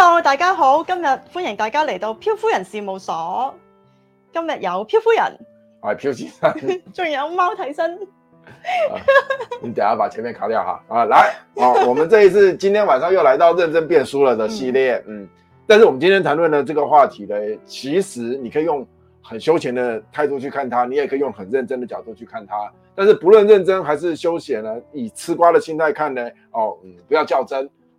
Hello，大家好，今日歡迎大家嚟到漂夫人事務所。今日有漂夫人，我係漂先生，仲有貓替身。你、 啊、等下把前面卡掉哈。啊，來，哦， 我們這一次今天晚上又來到認真變輸了的系列嗯。嗯，但是我們今天談論的這個話題呢，其實你可以用很休閒的態度去看它，你也可以用很認真的角度去看它。但是不論認真還是休閒呢，以吃瓜的心態看呢，哦，嗯、不要較真。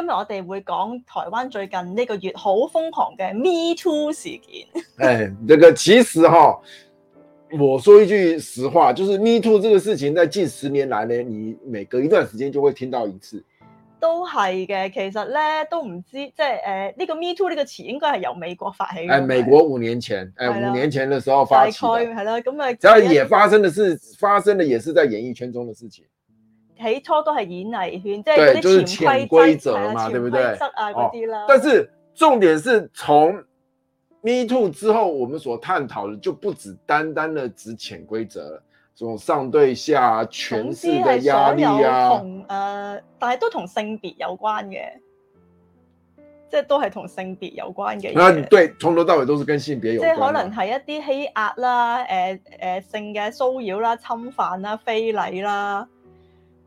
今日我哋會講台灣最近呢個月好瘋狂嘅 Me Too 事件、哎。誒，呢個其實哈，我說一句實話，就是 Me Too 呢個事情，在近十年來咧，你每隔一段時間就會聽到一次。都係嘅，其實咧都唔知，即係誒呢個 Me Too 呢個詞應該係由美國發起嘅。誒、哎，美國五年前，誒、哎、五年前嘅時候發起嘅，係啦，咁啊，之、嗯、後也發生嘅事，發生嘅也是在演藝圈中嘅事情。起初都係演藝圈，即係啲潛規則,、就是、潛規則嘛，則啊、對唔對？啦、哦。但是重點是從 Me Too 之後，我們所探討嘅就不止單單的指潛規則，從上對下權勢嘅壓力啊，誒、呃，但係都同性別有關嘅，即、就、係、是、都係同性別有關嘅。啊，對，從頭到尾都是跟性別有關的。即、就、係、是、可能係一啲欺壓啦，誒、呃、誒、呃、性嘅騷擾啦、侵犯啦、非禮啦。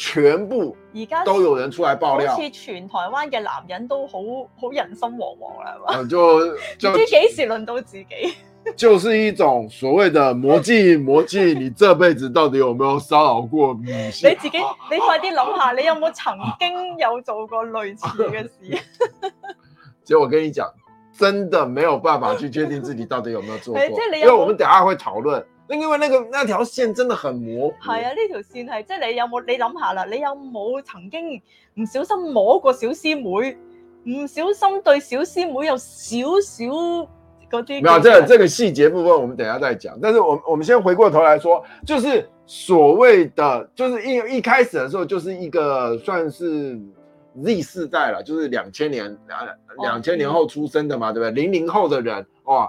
全部都有人出來爆料，好似全台灣嘅男人都好好人心惶惶啦 就唔知幾時輪到自己。 就是一種所謂的魔鏡魔鏡，你這輩子到底有沒有騷擾過女性？ 你自己你快啲諗下， 你有冇曾經有做過類似嘅事？其 實我跟你講，真的沒有辦法去確定自己到底有沒有做過， 就是、有有因為我們等下會討論。因為那個那條線真的很模糊，係啊，呢條線係即係你有冇你諗下啦，你有冇曾經唔小心摸過小師妹？唔小心對小師妹有少少嗰啲。冇，這個、這個細節部分，我們等下再講。但是我我們先回過頭來說，就是所謂的，就是一一開始的時候，就是一個算是 Z 世代啦，就是兩千年兩兩千年後出生的嘛，哦嗯、對不對？零零後的人，哇！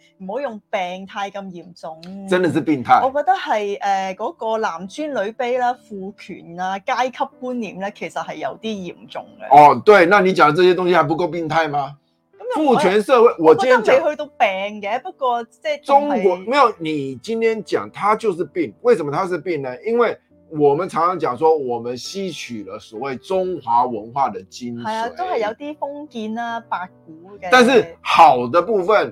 唔好用病態咁嚴重，真的是病態。我覺得係誒嗰個男尊女卑啦、父權啊、階級觀念咧，其實係有啲嚴重嘅。哦，對，那你講的這些東西，還不夠病態嗎？父權社會，我，我今日講未去到病嘅，不過即係中國沒有。你今天講，它就是病。為什麼它是病呢？因為我們常常講說，我們吸取了所謂中華文化的精髓，係啊，都係有啲封建啦、八股嘅。但是好的部分。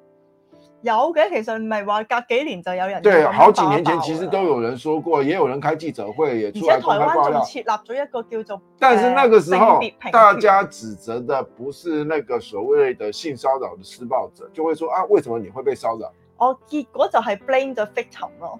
有嘅，其實唔係話隔幾年就有人就爆爆對，好幾年前其實都有人說過，也有人開記者會也出來，也而且台灣仲設立咗一個叫做，但是那個時候大家指責的不是那個所謂的性騷擾的施暴者，就會說啊，為什麼你會被騷擾？哦，結果就係 blame the victim 咯。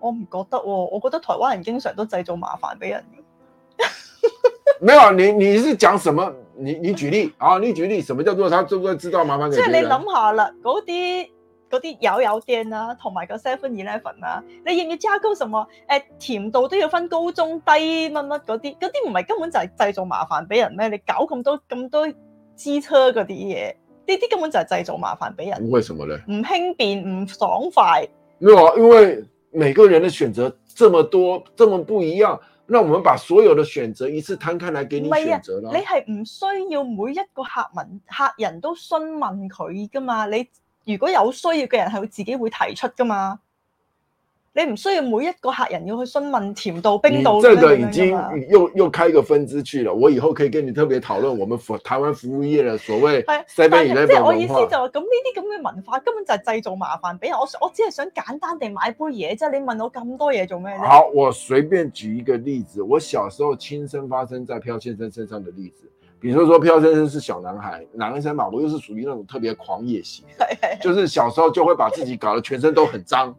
我唔覺得喎、哦，我覺得台灣人經常都製造麻煩俾人。 沒有你，你是講什麼？你你舉例 啊，你舉例，什麼叫做他都會製造麻煩？即、就、係、是、你諗下啦，嗰啲嗰啲有有店啊，同埋個 Seven Eleven 啊，你要唔要加高什麼？誒、哎、甜度都要分高中低乜乜嗰啲，嗰啲唔係根本就係製造麻煩俾人咩？你搞咁多咁多支車嗰啲嘢，呢啲根本就係製造麻煩俾人的。為什麼咧？唔輕便，唔爽快。因為。每個人的選擇這麼多，這麼不一樣，那我們把所有的選擇一次攤開來給你選擇了。不是啊，你係唔需要每一個客文客人都詢問佢噶嘛？你如果有需要嘅人，係會自己會提出噶嘛？你唔需要每一個客人要去詢問甜度、冰度咁樣。你這個已經又又開一個分支去了。我以後可以跟你特別討論我們服台灣服務業嘅所謂。係，但，但即係我意思就係咁，呢啲咁嘅文化根本就係製造麻煩畀人。我我只係想簡單地買一杯嘢啫。你問我咁多嘢做咩？好，我隨便舉一個例子。我小時候親身發生在漂先生身上的例子，比如說漂先生是小男孩，男生腦度又是屬於那種特別狂野型， 就是小時候就會把自己搞得全身都很髒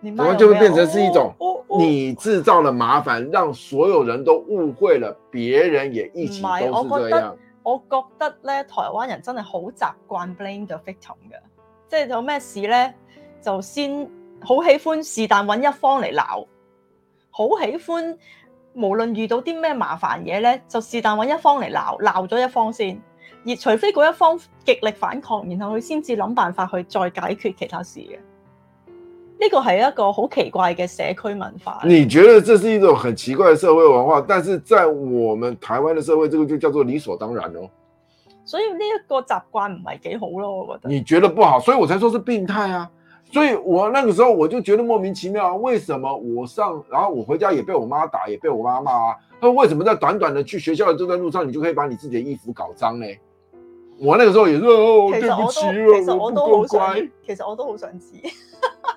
然後就會變成是一種你製造了麻煩、哦哦哦，讓所有人都誤會了，別人也一起都是這樣。我覺得，我覺得咧，台灣人真係好習慣 blame the victim 嘅，即係有咩事咧就先好喜歡是但揾一方嚟鬧，好喜歡無論遇到啲咩麻煩嘢咧，就是但揾一方嚟鬧，鬧咗一方先，而除非嗰一方極力反抗，然後佢先至諗辦法去再解決其他事嘅。呢、這個係一個好奇怪嘅社區文化。你覺得這是一種很奇怪嘅社會文化，但是在我們台灣嘅社會，這個就叫做理所當然咯。所以呢一個習慣唔係幾好咯，我覺得。你覺得不好，所以我才說是病態啊。所以我那個時候我就覺得莫名其妙、啊，為什麼我上，然後我回家也被我媽打，也被我媽罵。啊。佢話：為什麼在短短的去學校的這段路上，你就可以把你自己的衣服搞髒呢？我那個時候也是、哦，其實我都其實我都好想，其實我都好想知。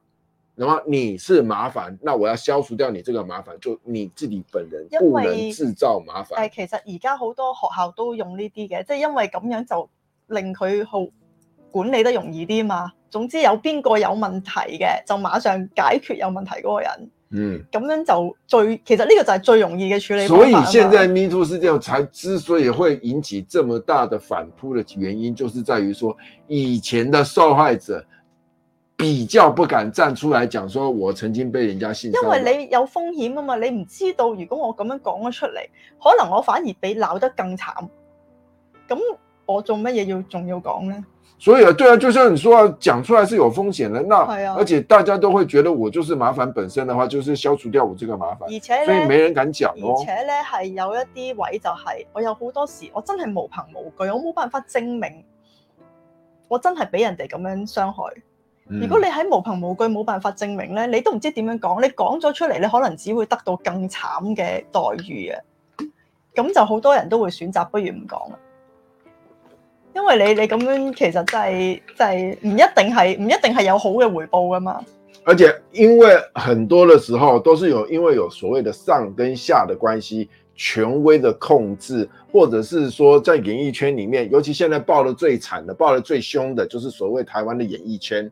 然後你是麻煩，那我要消除掉你這個麻煩，就你自己本人不能製造麻煩。但係，呃，其實而家好多學校都用呢啲嘅，即係因為咁樣就令佢好管理得容易啲嘛。總之有邊個有問題嘅，就馬上解決有問題嗰個人。嗯，咁樣就最其實呢個就係最容易嘅處理。所以現在 MeToo 事件才之所以會引起這麼大的反撲嘅原因，就是在於說以前的受害者。比較不敢站出來講，說我曾經被人家信，因為你有風險啊嘛，你唔知道如果我咁樣講咗出嚟，可能我反而俾鬧得更慘。咁我做乜嘢要仲要講呢？所以啊，對啊，就像你說話，啊，講出來是有風險嘅，那，啊，而且大家都會覺得我就是麻煩本身的話，就是消除掉我這個麻煩，而且呢所以沒人敢講，哦，而且呢，係有一啲位就係，是，我有好多時我真係無憑無據，我冇辦法證明，我真係俾人哋咁樣傷害。如果你喺無憑無據，冇辦法證明咧，你都唔知點樣講。你講咗出嚟，你可能只會得到更慘嘅待遇啊！咁就好多人都會選擇不如唔講啦。因為你你，咁樣其實就係就係唔一定係唔一定係有好嘅回報噶嘛。而且因為很多嘅時候都是有因為有所謂嘅上跟下的關係、權威嘅控制，或者是說在演藝圈裡面，尤其現在爆得最慘的、爆得最凶的，就是所謂台灣的演藝圈。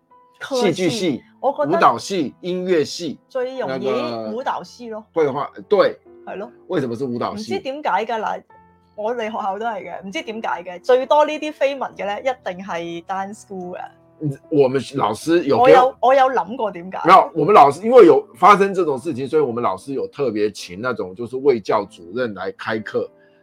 戲劇系，我覺得舞蹈系、音樂系最容易舞蹈系咯，繪畫對系咯。為什麼是舞蹈系？唔知點解㗎喇，我哋學校都係嘅，唔知點解嘅最多呢啲緋聞嘅咧，一定係 dance school 嘅。我們老師有我有我有諗過點解？沒有，我們老師因為有發生這種事情，所以我們老師有特別請那種就是衛教主任來開課。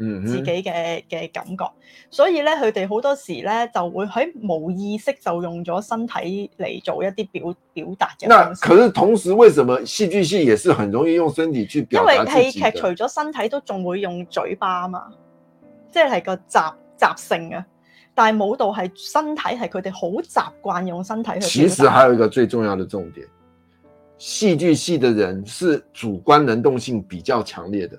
嗯，自己嘅嘅感覺，所以咧，佢哋好多時咧就會喺無意識就用咗身體嚟做一啲表表達嘅。那可是同時，為什麼戲劇系也是很容易用身體去表的？因為戲劇除咗身體都仲會用嘴巴嘛，即係個雜雜性啊。但係舞蹈系身體係佢哋好習慣用身體去表。其實還有一個最重要的重點，戲劇系的人是主觀能動性比較強烈的。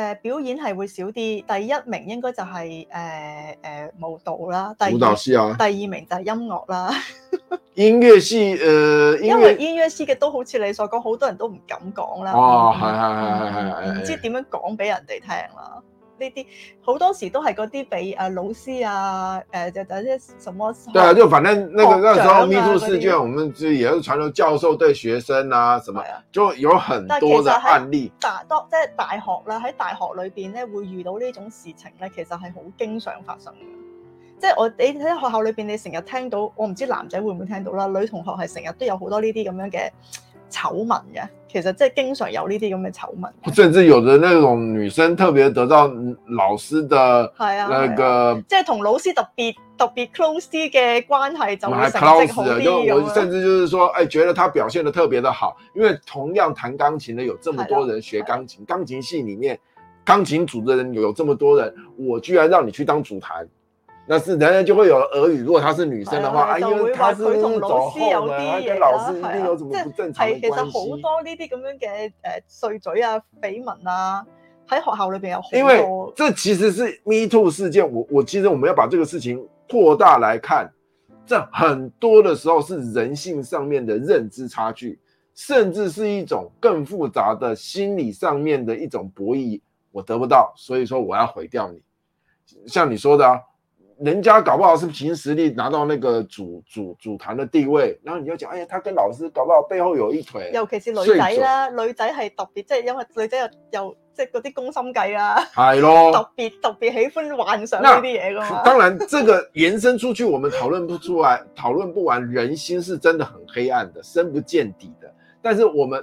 誒、呃，表演系會少啲，第一名應該就係誒誒舞蹈啦，第二，舞蹈師，啊、第二名就係音樂啦， 音樂師誒，因為音樂師嘅都好似你所講，好多人都唔敢講啦，哦、係係係係係，唔、嗯嗯、知點樣講俾人哋聽啦。呢啲好多時都係嗰啲俾啊老師啊，誒就等一什麼對啊，就反正那個、啊、那個、時候密度試卷，我們就也是傳到教授對學生啦、啊，什麼、啊、就有很多的案例。大多即係大學啦，喺大學裏邊咧會遇到呢種事情咧，其實係好經常發生嘅。即、就、係、是、我你喺學校裏邊，你成日聽到，我唔知男仔會唔會聽到啦，女同學係成日都有好多呢啲咁樣嘅醜聞嘅，其實即經常有呢啲咁嘅醜聞，甚至有的那種女生特別得到老師的個啊，那即同老師特別特別 close 嘅關係就會成績好，啊啊就是、我甚至就是說，誒、哎，覺得她表現得特別的好，因為同樣彈鋼琴嘅有這麼多人學鋼琴，啊啊、鋼琴系裏面鋼琴組的人有這麼多人，我居然讓你去當主彈。那是男人家就會有耳語，如果她是女生的話，啊啊、會因為她是那種后，她跟老師一定有什麼不正常的、啊就是、其實好多呢啲咁樣嘅誒、呃、碎嘴啊、緋聞啊，喺學校裏邊有好多。因為這其實是 Me Too 事件，我我其實我們要把這個事情擴大來看，這很多的時候是人性上面的認知差距，甚至是一種更複雜的心理上面的一種博弈。我得不到，所以說我要毀掉你。像你說的、啊。人家搞不好是憑實力拿到那個主主主壇的地位，然後你就講，哎呀，他跟老師搞不好背後有一腿。尤其是女仔啦，女仔是特別，即因為女仔有有即係嗰啲攻心計啊，係咯，特別特別喜歡幻想呢啲嘢噶嘛。當然，這個延伸出去，我們討論不出來， 討論不完。人心是真的很黑暗的，深不見底的。但是我們。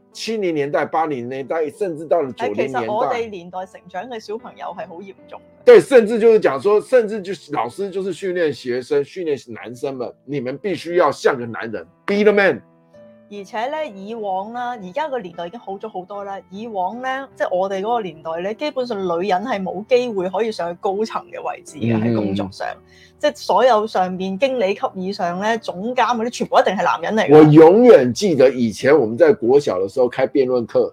七零年代、八零年代，甚至到了九零年代，其實我哋年代成長嘅小朋友係好嚴重嘅。對，甚至就是講說，甚至就是老師就是訓練學生，訓練男生們，你們必須要像個男人，be the man。而且咧，以往啦，而家個年代已經好咗好多啦。以往咧，即係我哋嗰個年代咧，基本上女人係冇機會可以上去高層嘅位置嘅。喺工作上，即係所有上邊經理級以上咧、總監嗰啲，全部一定係男人嚟。我永遠記得以前我們在國小嘅時候開辯論課，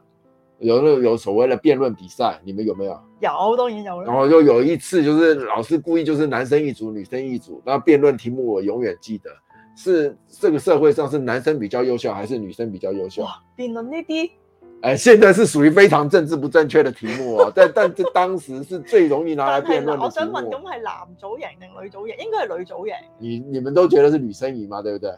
有有有所謂嘅辯論比賽，你們有沒有？有，當然有。然後就有一次，就是老師故意就是男生一組，女生一組，那辯論題目我永遠記得。是這個社會上是男生比較優秀還是女生比較優秀？辯論呢啲，哎、欸，現在是屬於非常政治不正確的題目啊！但 但這當時是最容易拿來辯論的題目。我想問，咁係男組贏定女組贏？應該係女組贏。你你們都覺得是女生贏嘛？對不對？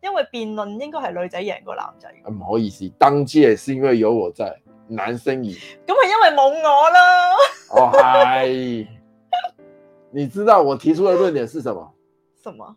因為辯論應該係女仔贏過男仔。唔好意思，當屆是因為有我在，男生贏。咁係因為冇我啦。哦嗨，你知道我提出的論點是什麼？什麼？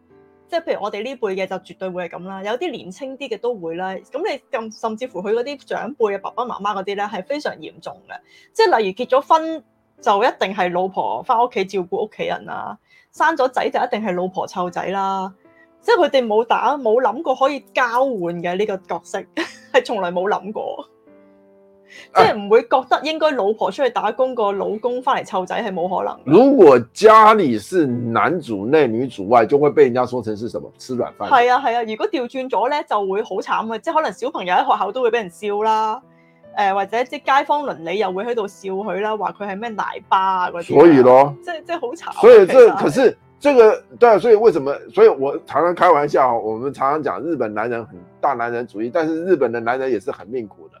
即係譬如我哋呢輩嘅就絕對會係咁啦，有啲年輕啲嘅都會啦。咁你咁甚至乎佢嗰啲長輩啊、爸爸媽媽嗰啲咧係非常嚴重嘅。即係例如結咗婚就一定係老婆翻屋企照顧屋企人啦，生咗仔就一定係老婆湊仔啦。即係佢哋冇打冇諗過可以交換嘅呢個角色，係從來冇諗過。啊、即係唔會覺得應該老婆出去打工，個老公翻嚟湊仔，係冇可能。如果家裏是男主內女主外，就會被人家說成是什麼吃軟飯。係啊，係啊，如果調轉咗咧，就會好慘啊。即係可能小朋友喺學校都會俾人笑啦，誒、呃、或者即係街坊鄰里又會喺度笑佢啦，話佢係咩奶爸啊嗰啲。所以咯，即係即係好慘。所以這是可是這個對，所以為什麼所以我常常開玩笑，我們常常講日本男人很大男人主義，但是日本的男人也是很命苦的。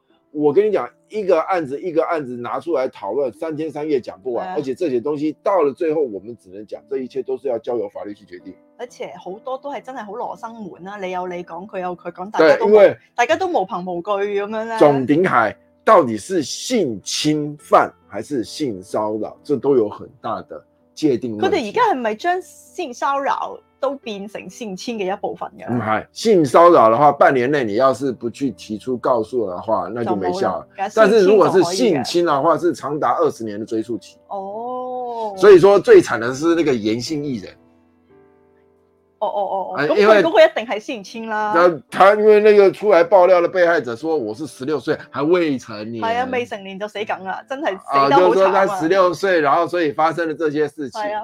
我跟你講，一個案子一個案子拿出來討論，三天三夜講不完。啊、而且這些東西到了最後，我們只能講，這一切都是要交由法律去決定。而且好多都是真係好羅生門啊，你有你講，佢有佢講，大家都對，因為大家都無憑無據咁樣啦。重點係，到底是性侵犯還是性騷擾，這都有很大的界定。佢哋而家係咪將性騷擾？都變成性侵嘅一部分人。係、嗯、性騷擾的話，半年內你要是不去提出告訴的話，那就沒效。但是如果是性侵的，的話，是長達二十年的追訴期。哦。所以，說最慘的是那個嚴姓藝人。哦哦哦。咁因為嗰個一定係性侵啦。那他因為那個出來爆料的被害者說，我是十六歲還未成年。係啊，未成年就死梗啦，真係、啊。啊，就是說他十六歲，然後所以發生了這些事情。對啊。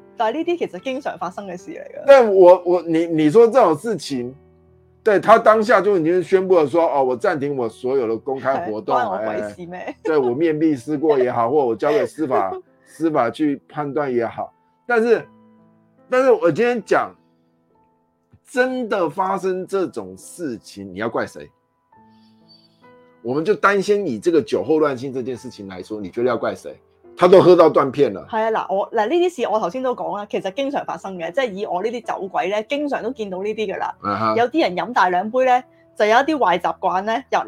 但是呢啲其實經常發生嘅事嚟噶，但我我你你說這種事情，對他當下就已經宣佈了說，哦，我暫停我所有嘅公開活動，對，我，欸欸對我面壁思過也好， 或我交給司法 司法去判斷也好，但是，但是我今天講，真的發生這種事情，你要怪誰？我們就擔心以這個酒後亂性這件事情來說，你覺得要怪誰？他都喝到斷片啦，係啊嗱，我嗱呢啲事我頭先都講啦，其實經常發生嘅，即係以我呢啲酒鬼咧，經常都見到這些、uh -huh. 些呢啲噶啦，有啲人飲大兩杯咧，就有一啲壞習慣咧，又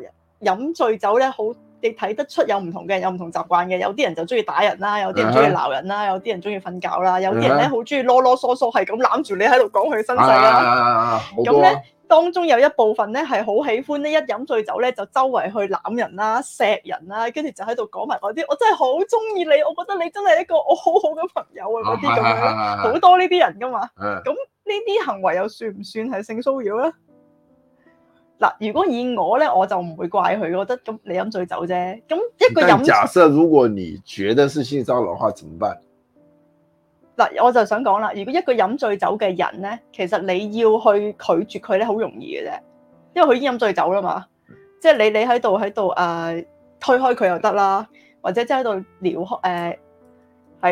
飲醉酒咧，好，你睇得出有唔同嘅人有唔同習慣嘅，有啲人就中意打人啦，有啲人中意鬧人啦，uh -huh. 有啲人中意瞓覺啦，有啲人咧好中意囉囉嗦嗦係咁攬住你喺度講佢身世啦，咁、uh、咧 -huh. uh -huh. uh -huh. 啊。當中有一部分咧係好喜歡呢一飲醉酒咧就周圍去攬人啦、啊、錫人啦、啊，跟住就喺度講埋嗰啲，我真係好中意你，我覺得你真係一個我好好嘅朋友啊嗰啲咁樣，好、啊啊啊、多呢啲人噶嘛。咁呢啲行為又算唔算係性騷擾咧？嗱、啊，如果以我咧，我就唔會怪佢，我覺得咁你飲醉酒啫。咁一個飲，假設如果你覺得是性騷擾嘅話，怎麼辦？嗱，我就想講啦，如果一個飲醉酒嘅人咧，其實你要去拒絕佢咧，好容易嘅啫，因為佢已經飲醉酒啦嘛，即係你你喺度喺度啊，推開佢又得啦，或者即喺度撩開誒喺、呃，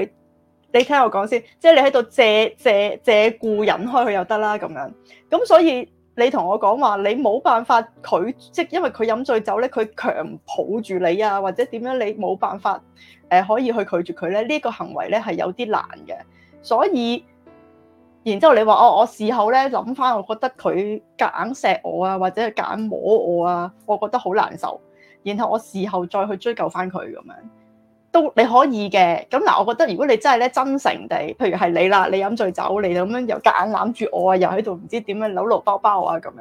你聽我講先，即係你喺度借借借，借故引開佢又得啦，咁樣，咁所以。你同我講話，你冇辦法拒絕，即因為佢飲醉酒咧，佢強抱住你啊，或者點樣，你冇辦法誒可以去拒絕佢咧？呢個行為咧，係有啲難嘅，所以，然之後你話哦，我事後咧諗翻，我覺得佢夾硬錫我啊，或者夾硬摸我啊，我覺得好難受，然後我事後再去追究翻佢咁樣。都你可以嘅，咁嗱，我覺得如果你真係咧，真誠地，譬如係你啦，你飲醉酒，你咁樣又夾硬攬住我啊，又喺度唔知點樣扭攣包包啊咁樣，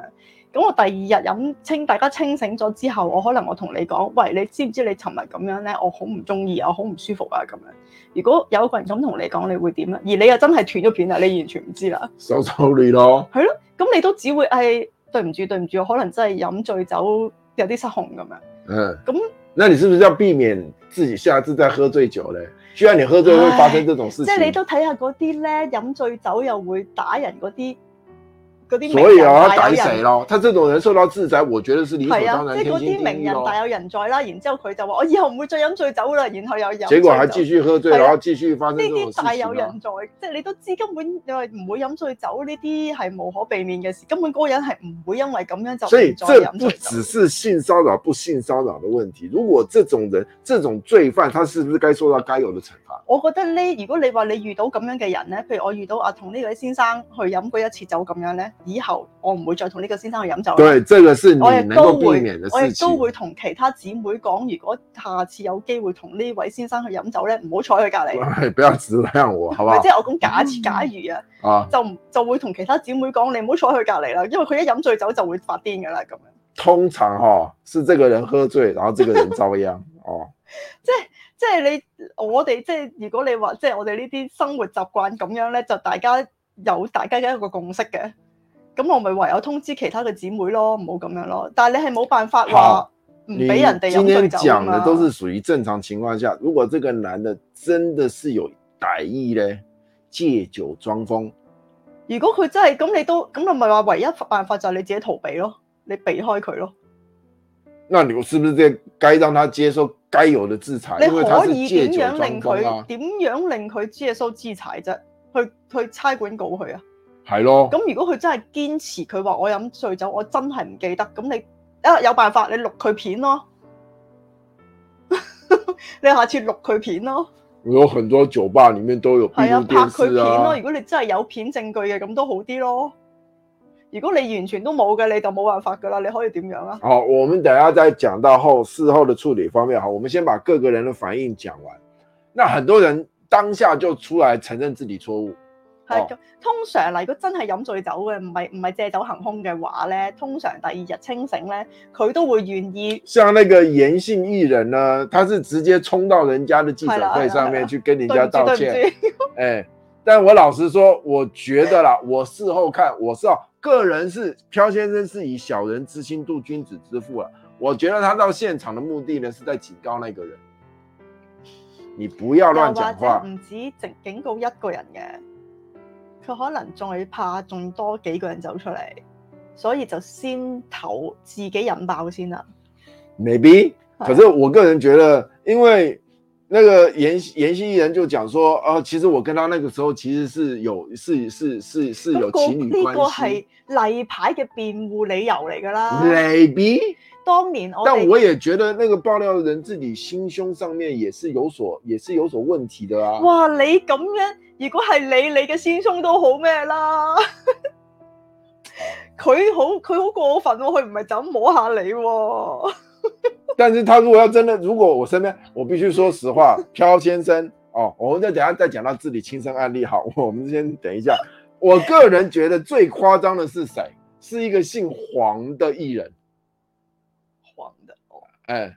咁我第二日飲清，大家清醒咗之後，我可能我同你講，喂，你知唔知你尋日咁樣咧，我好唔中意，我好唔舒服啊咁樣。如果有一個人咁同你講，你會點咧？而你又真係斷咗片啦，你完全唔知啦。收收你咯。係咯，咁你都只會誒、哎、對唔住對唔住，可能真係飲醉酒有啲失控咁樣。嗯。咁，那你是不是要避免？自己下次再喝醉酒嘞，雖然你喝醉會發生這種事情，即係、就是、你都睇下嗰啲咧，飲醉酒又會打人嗰啲。所以啊，要死人咯！他這種人受到制裁，我覺得是理所當然。係啊，即係嗰啲名人大有人在啦。然之後佢就話：我以後唔會再飲醉酒啦。然後又有結果，還繼續喝醉，啊，然後繼續發生呢啲，啊、大有人在。即係你都知，根本就係唔會飲醉酒呢啲係無可避免嘅事，根本個人係唔會因為咁樣就所以，這不只是性騷擾不性騷擾的問題。如果這種人、這種罪犯，他是不是該受到該有的懲罰？我覺得呢，如果你話你遇到咁樣嘅人咧，譬如我遇到啊，同呢位先生去飲過一次酒咁樣咧。以後我唔會再同呢個先生去飲酒啦。對，這個是你能夠避免的事情。我亦都會同其他姊妹講，如果下次有機會同呢位先生去飲酒咧，唔 好坐佢隔籬。係比較小心啲，係嘛？即係我講假設，假如啊，嗯、啊就就會同其他姊妹講，你唔好坐佢隔籬啦，因為佢一飲醉酒就會發癲噶啦咁樣。通常嗬、哦，是這個人喝醉，然後這個人遭殃 哦。即係即係你，我哋即係如果你話即係我哋呢啲生活習慣咁樣咧，就大家有大家嘅一個共識嘅。咁我咪唯有通知其他嘅姊妹咯，唔好咁樣咯。但係你係冇辦法話唔俾人哋飲醉酒咁樣。你今天講的都是屬於正常情況下，如果這個男嘅真的是有歹意咧，借酒裝瘋。如果佢真係咁，你都咁，你咪話唯一辦法就係你自己逃避咯，你避開佢咯。那你是不是即係該讓他接受該有的制裁？你可以點樣令佢點樣令佢接受制裁啫？去去差館告佢啊！係咯，咁如果佢真係堅持佢話我飲醉酒，我真係唔記得，咁你啊有辦法你錄佢片咯， 你下次錄佢片咯。有很多酒吧裏面都有、啊，係啊，拍佢片咯。如果你真係有片證據嘅，咁都好啲咯。如果你完全都冇嘅，你就冇辦法噶啦。你可以點樣啊？好，我們等下再講到後事後嘅處理方面。好，我們先把各個人嘅反應講完。那很多人當下就出來承認自己錯誤。哦、通常，如果真係飲醉酒嘅，唔係唔係借酒行凶嘅話咧，通常第二日清醒咧，佢都會願意。像那個炎姓藝人呢，他是直接衝到人家的記者會上面去跟人家道歉。哎，但我老實說，我覺得啦，我事後看， 我是個人是，漂先生是以小人之心度君子之腹啊！我覺得他到現場的目的呢，是在警告那個人，你不要亂講話。唔、啊、止警告一個人嘅。佢可能仲怕，仲多幾個人走出嚟，所以就先投自己引爆先啦。Maybe，其實我個人覺得，因為那個嚴嚴西人就講說，啊，其實我跟他那個時候其實是有，是是是是有情侶關係。呢個係例牌嘅辯護理由嚟噶啦。Maybe，當年我但我也覺得，那個爆料人自己心胸上面也是有所，也是有所問題的啦，啊。哇，你咁樣。如果係你，你嘅先生都好咩啦。佢 好佢好過分，哦，佢唔係就咁摸下你，哦。 但是他如果要真的，如果我身邊，我必須說實話，漂 先生哦，我們再等下再講到自己親身案例好，我們先等一下。 我個人覺得最誇張的是誰？是一個姓黃的藝人。黃的，哦，誒、哎。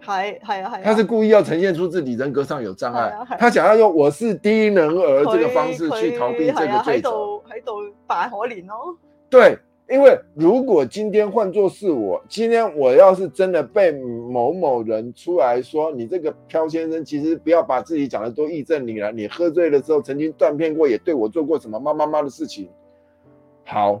還係啊係、啊，他是故意要呈現出自己人格上有障礙、啊啊啊，他想要用我是低能兒這個方式去逃避這個罪責，喺度喺度扮可憐、哦、對，因為如果今天換作是我，今天我要是真的被某某人出來說，你這個漂先生其實不要把自己講得都義正你了，你喝醉的時候曾經斷片過，也對我做過什麼媽媽媽的事情，好。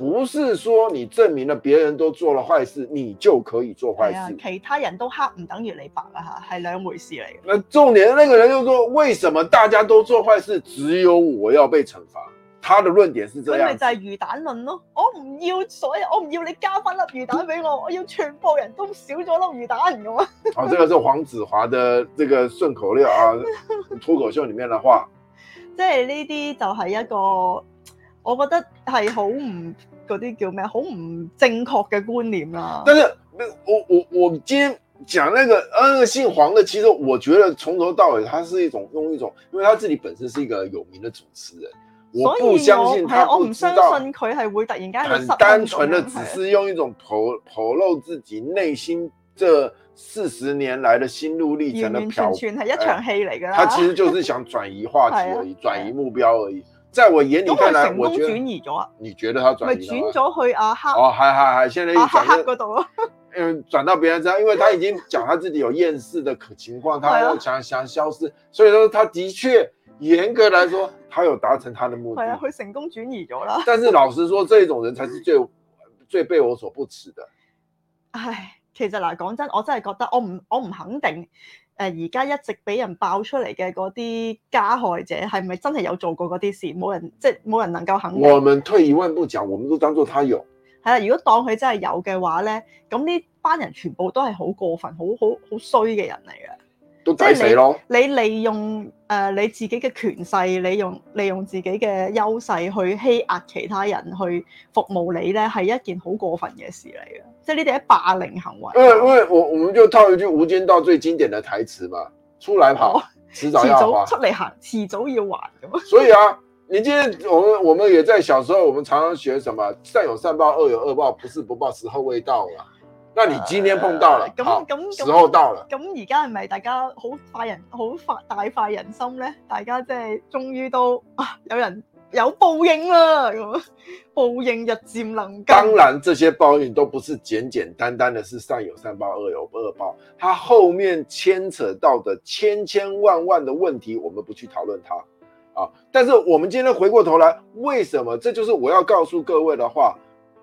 不是說你證明了別人都做了壞事，你就可以做壞事，啊。其他人都黑，唔等於你白啦吓，係兩回事嚟嘅。那、呃、重點，那個人就說：為什麼大家都做壞事，只有我要被懲罰？他的論點是這樣。咁咪就係魚蛋論咯，我唔要所有，所以我唔要你加翻粒魚蛋俾我，我要全部人都少咗粒魚蛋咁 啊。哦，這個是黃子華的這個順口溜啊，脫 口秀裏面的話。即係呢啲就係一個。我覺得係好唔嗰啲叫咩，好唔正確嘅觀念啊。但是，我我我今天講那個，啊、嗯，姓黃嘅，其實我覺得從頭到尾，他是一種用一種，因為他自己本身是一個有名的主持人，我，我不相信他不相信，佢係會突然間很單純的，只是用一種剖剖露自己內心這四十年來的心路歷程嘅表現，完全係一場戲嚟噶，哎。他其實就是想轉移話題而已， 轉移目標而已。在我眼裏看來，我覺得你覺得他轉移咗，咪轉咗去阿黑哦，係係係，現在轉到黑嗰度咯，嗯，轉到別人身，因為他已經講他自己有厭世的可情況，他要 想想消失，所以說他的確嚴格來說，他有達成他的目的，係啊，佢成功轉移咗啦。但是老實說，這種人才是最最被我所不齒的。唉，其實嗱，講真，我真係覺得我唔我唔肯定。誒而家一直俾人爆出嚟嘅嗰啲加害者，係咪真係有做過嗰啲事？冇人即係冇人能夠肯定。我們退一萬步講，我們都當做他有。係啦，如果當佢真係有嘅話咧，咁呢班人全部都係好過分、好好好衰嘅人嚟嘅。都抵死咯你，你利用誒、呃、你自己嘅權勢，你用利用自己嘅優勢去欺壓其他人去服務你咧，係一件好過分嘅事嚟嘅。即係呢啲係霸凌行為。欸、因為，我我們就套一句《無間道》最經典嘅台詞嘛，出來跑，遲、哦、早，早，早要還。出嚟行，遲早要還，咁所以啊，你知，我，我，我們也在小時候，我們常常學什麼善有善報，惡有惡報，不是不報，時候未到啦、啊。那你今天碰到了咁咁、啊、時候到了，咁而家係咪大家好快人好快大快人心咧？大家即係終於都、啊、有人有報應啦，咁、啊、報應日漸臨近。當然，這些報應都不是簡簡單單的，是善有善報，惡有惡報。它後面牽扯到的千千萬萬的問題，我們不去討論它、啊、但是我們今天回過頭來，為什麼？這就是我要告訴各位的話。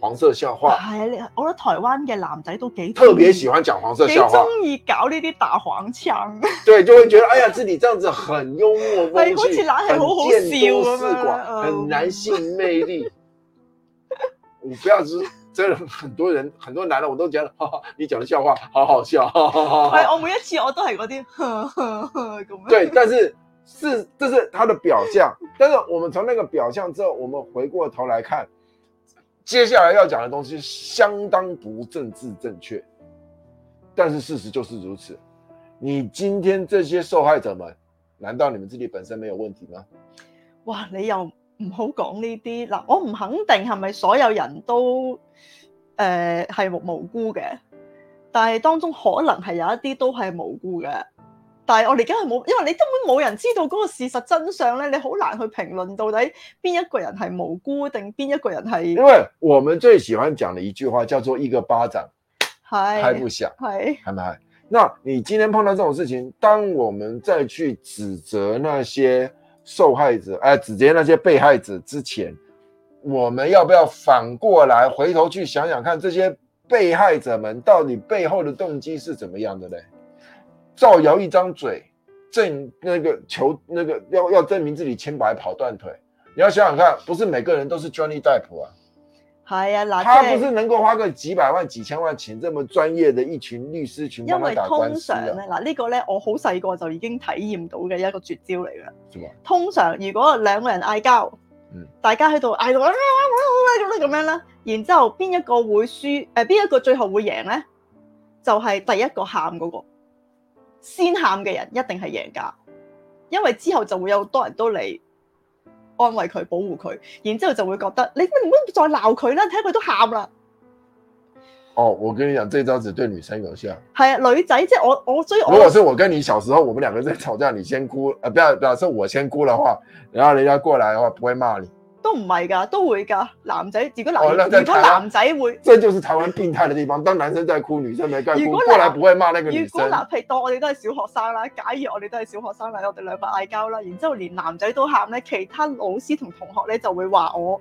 黃色笑話，係啊，我覺得台灣嘅男仔都幾特別喜歡講黃色笑話，中意搞呢啲打黃腔。對，就會覺得哎呀，自己這樣子很幽默風趣，很見多識廣，很男性魅力。你不要說，真係很多人很多男的，我都覺得，哈哈，你講的笑話好好笑，哈哈。係，我每一次我都係嗰啲，呵呵。對，但是是這是他的表象，但是我們從那個表象之後，我們回過頭來看。接下來要講的東西相當不政治正確，但是事實就是如此。你今天這些受害者們，難道你們自己本身沒有問題嗎？哇，你又唔好講呢啲嗱，我唔肯定係咪所有人都誒係、呃、無辜嘅，但係當中可能係有一啲都係無辜嘅。但我哋而家係冇，因為你根本冇人知道嗰個事實真相咧，你好難去評論到底邊一個人係無辜定邊一個人係。因為我們最喜歡講的一句話叫做一個巴掌拍不響，係，係，係咪？那你今天碰到這種事情，當我們再去指責那些受害者，誒、呃，指責那些被害者之前，我們要不要反過來回頭去想想看，這些被害者們到底背後的動機是怎麼樣的咧？造謠一張嘴，證那個求那個要要證明自己清白跑斷腿。你要想想看，不是每個人都是強尼戴普啊。係啊，嗱、就是，他不是能夠花個幾百萬、幾千萬，請這麼專業的一群律師群慢慢係、啊，因為通常咧，嗱呢個咧，我好細個就已經體驗到嘅一個絕招嚟㗎。通常如果兩個人嗌交，嗯，大家喺度嗌到咩咩咩咁樣咁樣啦，然之後邊一個會輸誒？邊一個最後會贏咧？就係第一個喊嗰個。先喊嘅人一定係贏家，因為之後就會有好多人都嚟安慰佢、保護佢，然之後就會覺得你唔好再鬧佢啦，睇下佢都喊啦。哦，我跟你講，這招只對女生有效。係啊，女仔即係我我所以我。如果是我跟你小時候，我們兩個在吵架，你先哭，誒、啊，不要，假設我先哭嘅話，然後人家過來嘅話，不會罵你。都唔係噶，都會噶。男仔如果男、哦、如果男仔會，這就是台灣病態嘅地方。 當男生在哭，女生咪幹枯。如果男來不會罵那個女生。譬如，果男如果男當我哋都係小學生啦，假如我哋都係小學生啦，我哋兩個嗌交啦，然之後連男仔都喊咧，其他老師同同學咧就會話我。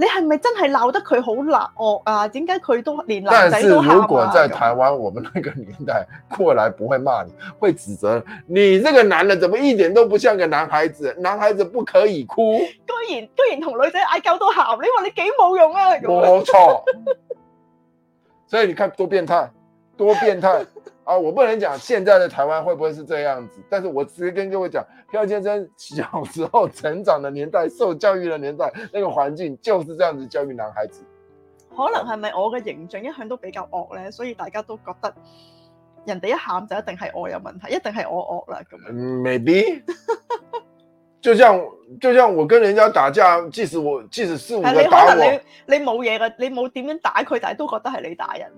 你係咪真係鬧得佢好辣惡啊？點解佢都連男仔都喊？但是如果在台灣，我們那個年代過來，不會罵你，會指責你：這個男人怎麼一點都不像個男孩子？男孩子不可以哭，居然居然同女仔嗌交都喊，你話你幾冇用啊？冇錯！ 所以你看多變態，多變態。 啊、哦，我不能講現在的台灣會不會是這樣子，但是我直接跟各位講，漂先生小時候成長的年代，受教育的年代，那個環境就是這樣子教育男孩子。可能係咪我嘅形象一向都比較惡呢？所以大家都覺得人哋一喊就一定係我有問題，一定係我惡啦咁、嗯。Maybe。 就像就像我跟人家打架，即使我即使四五個打我，你可能你你冇嘢噶，你冇點樣打佢，但係都覺得係你打人，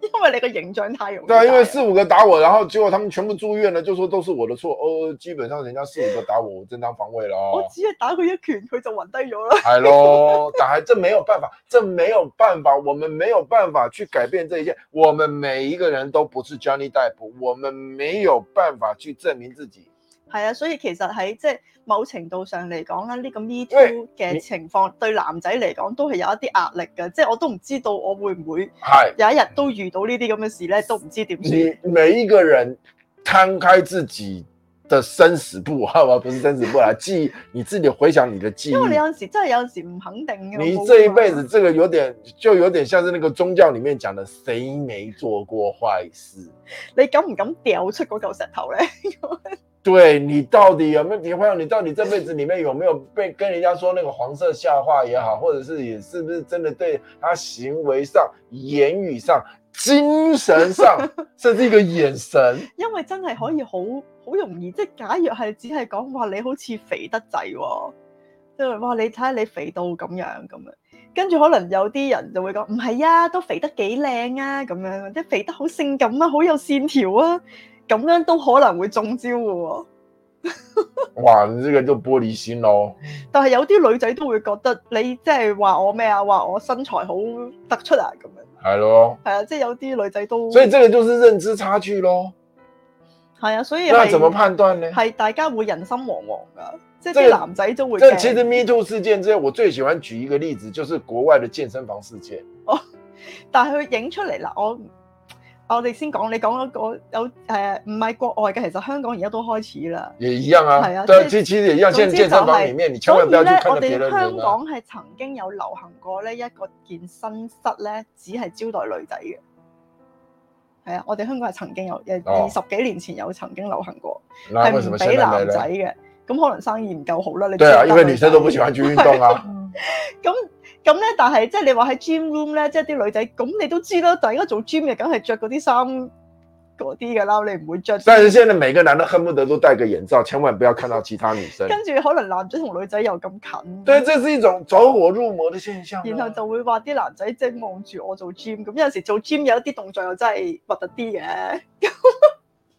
因為你個形象太容易。對，因為四五個打我，然後結果他們全部住院了，就說都是我的錯。哦，基本上人家四五個打我，我正當防衛啦。我只係打佢一拳，佢就暈低咗啦。係咯，但係這沒有辦法，這沒有辦法，我們沒有辦法去改變這一切。我們每一個人都不是 Johnny Depp，我們沒有辦法去證明自己。係啊，所以其實喺即係某程度上嚟講啦，呢、這個 me too 嘅情況、欸、對男仔嚟講都係有一啲壓力㗎，即係我都唔知道我會唔會有一日都遇到呢啲咁嘅事咧，都唔知點算。你每一個人攤開自己的生死簿，係 嘛，不是生死簿啦，記你自己回想你的記憶。因為你有時真係有時唔肯定。你這一輩子，這個有點就有點，像是那個宗教裏面講的，誰沒做過壞事？你敢唔敢掉出嗰嚿石頭咧？ 對你到底有沒有女朋友？你到底這輩子裡面有沒有被跟人家說那個黃色笑話也好，或者是也是不是真的對他行為上、言語上、精神上， 甚至一個眼神？因為真係可以好好容易，即係假若係只係講話，你好似肥得濟喎，即係哇，你睇下你肥到咁樣咁樣，跟住可能有啲人就會講唔係呀，都肥得幾靚啊，咁樣即肥得好性感啊，好有線條啊。咁樣都可能會中招嘅喎，哇！你、這、呢個叫玻璃心咯、哦。 但係有啲女仔都會覺得你即係話我咩啊？話我身材好突出啊咁樣，係咯，係啊，即係有啲女仔都。所以這個就是認知差距咯。係啊，所以那怎麼判斷咧？係大家會人心惶惶噶，即係男仔都會。即係其實 Me Too 事件之後，我最喜歡舉一個例子，就是國外嘅健身房事件。哦，但係佢影出嚟啦，我。我哋先講，你講嗰個有誒，唔、呃、係國外嘅，其實香港而家都開始啦。亦一樣啊，係啊，對，其實,其實一樣。喺、就係、健身房裡面，你千萬就我哋香港係曾經有流行過呢一個健身室咧，只係招待女仔嘅。係啊，我哋香港係曾經有誒二、哦、十幾年前有曾經流行過，係唔俾男仔嘅。咁可能生意唔夠好啦。你對啊，因為女生都唔喜歡去運動啊。咁、 嗯。 嗯咁咧，但係即係你話喺 gym room 咧，即係啲女仔，咁你都知啦。但係如果做 gym 嘅，梗係着嗰啲衫嗰啲噶啦，你唔會着。但是現在每個男都恨不得都戴個眼罩，千萬不要看到其他女生。 跟住可能男仔同女仔又咁近。對，即係一種走火入魔嘅現象啊。然後就會話啲男仔即係望住我做 gym，咁有陣時做 gym 有一啲動作又真係核突啲嘅。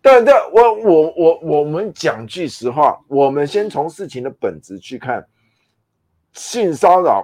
對對，我我我，我們講句實話，我們先從事情嘅本質去看性騷擾。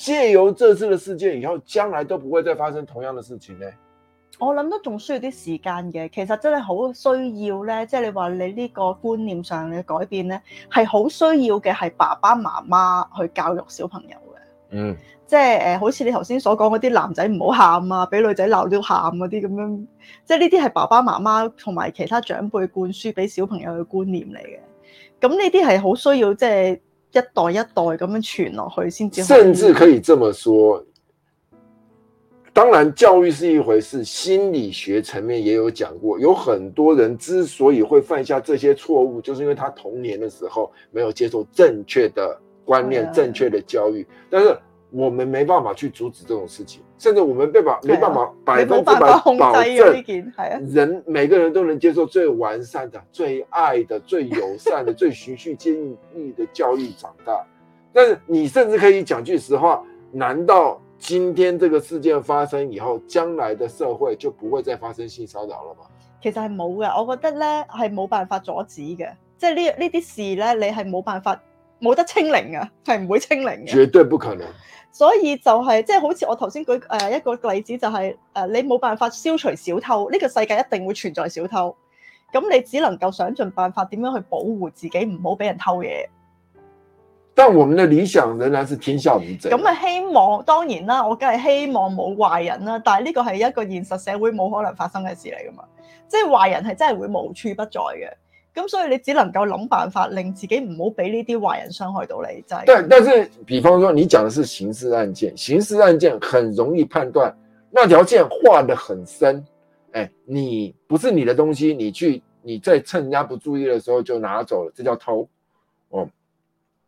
借由這次嘅事件，以後將來都不會再發生同樣的事情咧。我諗都仲需要啲時間嘅，其實真係好需要咧。即係你話你呢個觀念上嘅改變咧，係好需要嘅，係爸爸媽媽去教育小朋友嘅。嗯，即係誒，好似你頭先所講嗰啲男仔唔好喊啊，俾女仔鬧到喊嗰啲咁樣，即係呢啲係爸爸媽媽同埋其他長輩灌輸俾小朋友嘅觀念嚟嘅。咁呢啲係好需要，即係，就是一代一代咁樣傳落去，先至甚至可以這麼說。當然，教育是一回事，心理學層面也有講過，有很多人之所以會犯下這些錯誤，就是因為他童年的時候沒有接受正確的觀念，啊、正確的教育，但是。我們沒辦法去阻止這種事情，甚至我們被冇，冇、啊、辦法百分之百保證人、啊、每個人都能接受最完善的、最愛的、最友善的、 最循序漸進的教育長大。但是你甚至可以講句實話，難道今天這個事件發生以後，將來的社會就不會再發生性騷擾了嗎？其實是沒有的，我覺得呢係冇辦法阻止嘅，即、就、係、是、呢呢啲事呢，你係冇辦法。冇得清零啊，係唔會清零嘅，絕對不可能。所以就係即係好似我頭先舉誒一個例子，就是，就係誒你冇辦法消除小偷，呢、這個世界一定會存在小偷。咁你只能夠想盡辦法點樣去保護自己，唔好俾人偷嘢。但我們的理想仍然是天下無賊。咁啊，希望當然啦，我梗係希望冇壞人啦。但係呢個係一個現實社會冇可能發生嘅事嚟噶嘛，即、就、係、是、壞人係真係會無處不在嘅。咁所以你只能夠諗辦法令自己唔好俾呢啲壞人傷害到你，但但是，比方說你講的是刑事案件，刑事案件很容易判斷，那條線劃得很深，欸、你不是你的東西，你去，你在趁人家不注意的時候就拿走了，這叫偷，哦。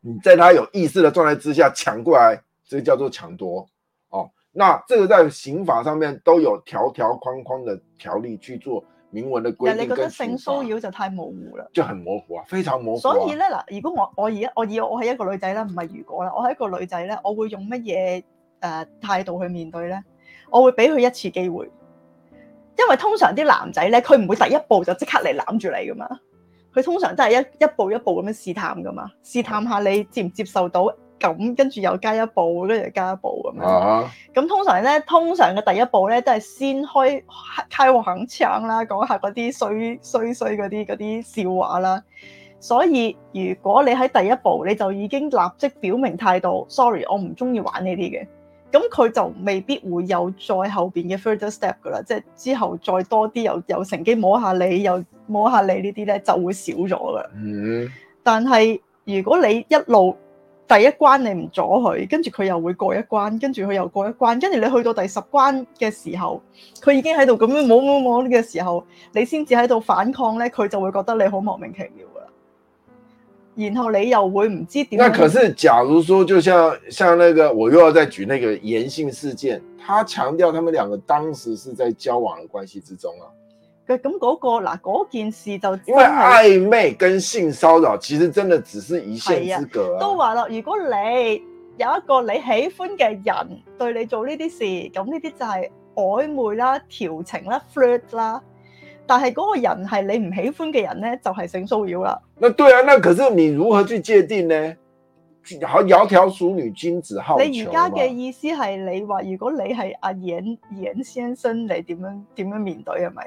你在他有意識的狀態之下搶過來，這叫做搶奪，哦。那這個在刑法上面都有條條框框的條例去做。就是、你覺得性騷擾就太模糊啦，即、即係、很模糊啊，非常模糊、啊。所以咧嗱，如果我我而家我而我係一個女仔咧，唔係如果啦，我係一個女仔咧，我會用乜嘢誒態度去面對咧？我會俾佢一次機會，因為通常啲男仔咧，佢唔會第一步就即刻嚟攬住你噶嘛，佢通常都係一一步一步咁樣試探噶嘛，試探下你接唔接受到。咁跟住又加一步，跟住加一步咁樣。咁、uh -huh. 通常咧，通常嘅第一步咧，都係先開開橫槍啦，講下嗰啲衰，衰衰衰嗰啲嗰啲笑話啦。所以如果你喺第一步你就已經立即表明態度，Sorry，我唔中意玩呢啲嘅。咁佢就未必會有再後邊嘅 further step 噶啦，即係之後再多啲又又乘機摸下你，又摸下你呢啲咧就會少咗噶。嗯、uh -huh.，但係如果你一路。第一關你唔阻佢，跟住佢又會過一關，跟住佢又過一關，跟住你去到第十關嘅時候，佢已經喺度咁樣摸摸摸嘅時候，你先至喺度反抗咧，佢就會覺得你好莫名其妙㗎啦。然後你又會唔知點解。那可是，假如說，就像像那個，我又要再舉那個嚴姓事件，他強調他們兩個當時是在交往的關係之中啊。咁嗰個嗱，嗰件事就因為曖昧跟性騷擾其實真係只是一綫之隔，啊啊、都話咯，如果你有一個你喜歡嘅人對你做呢啲事，咁呢啲就係曖昧啦、調情啦、flirt 啦，但係嗰個人係你唔喜歡嘅人咧，就係、是、性騷擾啦。那對啊，那可是你如何去界定咧？好窈窕淑女，君子好逑。你而家嘅意思係你話，如果你係阿演演先生，你點樣點樣面對係咪？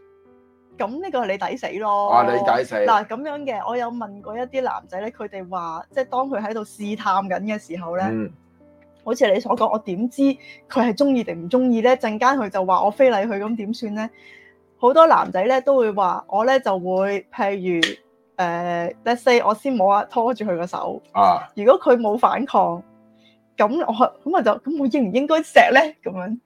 咁呢個係你抵死咯，啊，你抵死嗱咁樣嘅，我有問過一啲男仔咧，佢哋話即係當佢喺度試探緊嘅時候咧，嗯，好似你所講，我點知佢係中意定唔中意咧？陣間佢就話我非禮佢咁點算咧？好多男仔咧都會話我咧就會，譬如誒，Let's say 我先摸下拖住佢個手啊，如果佢冇反抗咁我咁我就咁我應唔應該錫咧？咁樣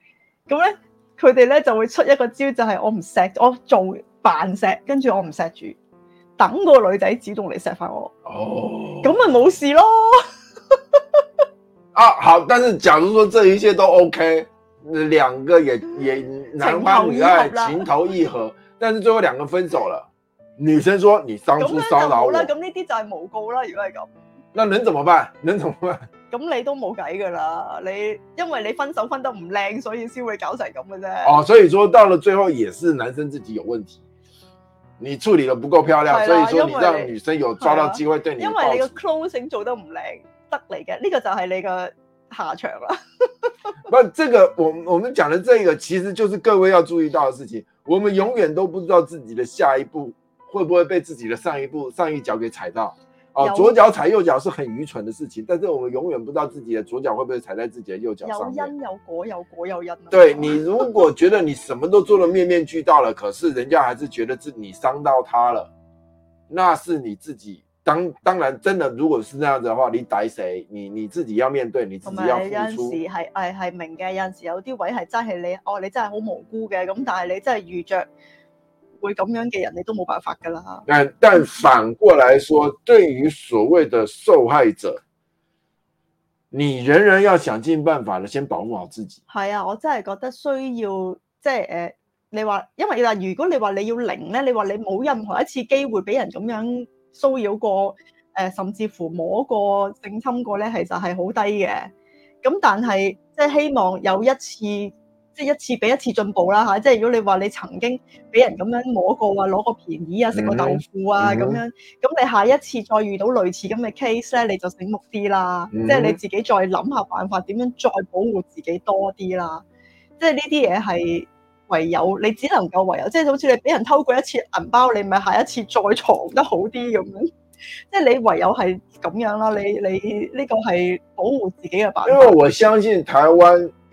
咁咧佢哋咧就會出一個招就，就係我唔錫我做。扮錫，跟住我唔錫住，等個女仔主動嚟錫返我，哦，咁咪冇事咯。 啊，好！但是假如說這一切都 OK，兩個也也男歡女愛情，情投意合，但是最後兩個分手了， 女生說你性騷擾我啦。咁呢啲就係誣告啦！如果係咁，那能怎麼辦？能怎麼辦？咁你都冇計㗎啦！你因為你分手分得唔靚，所以先會搞成咁嘅啫。哦，所以說到了最後，也是男生自己有問題。你處理得不夠漂亮，所以，說你讓女生有抓到機會對你對，因為你的 closing 做得唔靚得嚟嘅，呢個就係你個下場啦。 不，這個我我們講的這個，其實就是各位要注意到的事情。我們永遠都不知道自己的下一步會不會被自己的上一步上一腳給踩到。哦，左腳踩右腳是很愚蠢的事情，但是我們永遠不知道自己的左腳會不會踩在自己的右腳上面。有因有果，有果有因有果。對，你如果覺得你什麼都做得面面俱到了， 可是人家還是覺得自己傷到他了，那是你自己。當然當然，真的如果是那樣子的話，你逮誰，你你自己要面對，你自己要付出。有陣時係明嘅，有陣時有啲位係真係你哦，你真係好無辜嘅，咁但係你真係遇著。會咁樣嘅人，你都冇辦法噶啦。但但反過來說，對於所謂的受害者，你人人要想盡辦法咧，先保護好自己。係啊，我真係覺得需要即係誒，你話因為但如果你話你要零咧，你話你冇任何一次機會俾人咁樣騷擾過誒、呃，甚至乎摸過、性侵過咧，其實就係好低嘅。咁但係即係希望有一次。即係一次比一次進步啦嚇！即係如果你話你曾經俾人咁樣摸過啊，話攞個便宜啊，食個豆腐啊咁樣 mm-hmm.，咁你下一次再遇到類似咁嘅 case 咧，你就醒目啲啦。即係 mm-hmm. 你自己再諗下辦法，點樣再保護自己多啲啦。即係呢啲嘢係唯有你只能夠唯有，即係好似你俾人偷過一次銀包，你咪下一次再藏得好啲咁樣。即係你唯有係咁樣啦。你你呢個係保護自己嘅辦法。因為我相信台灣。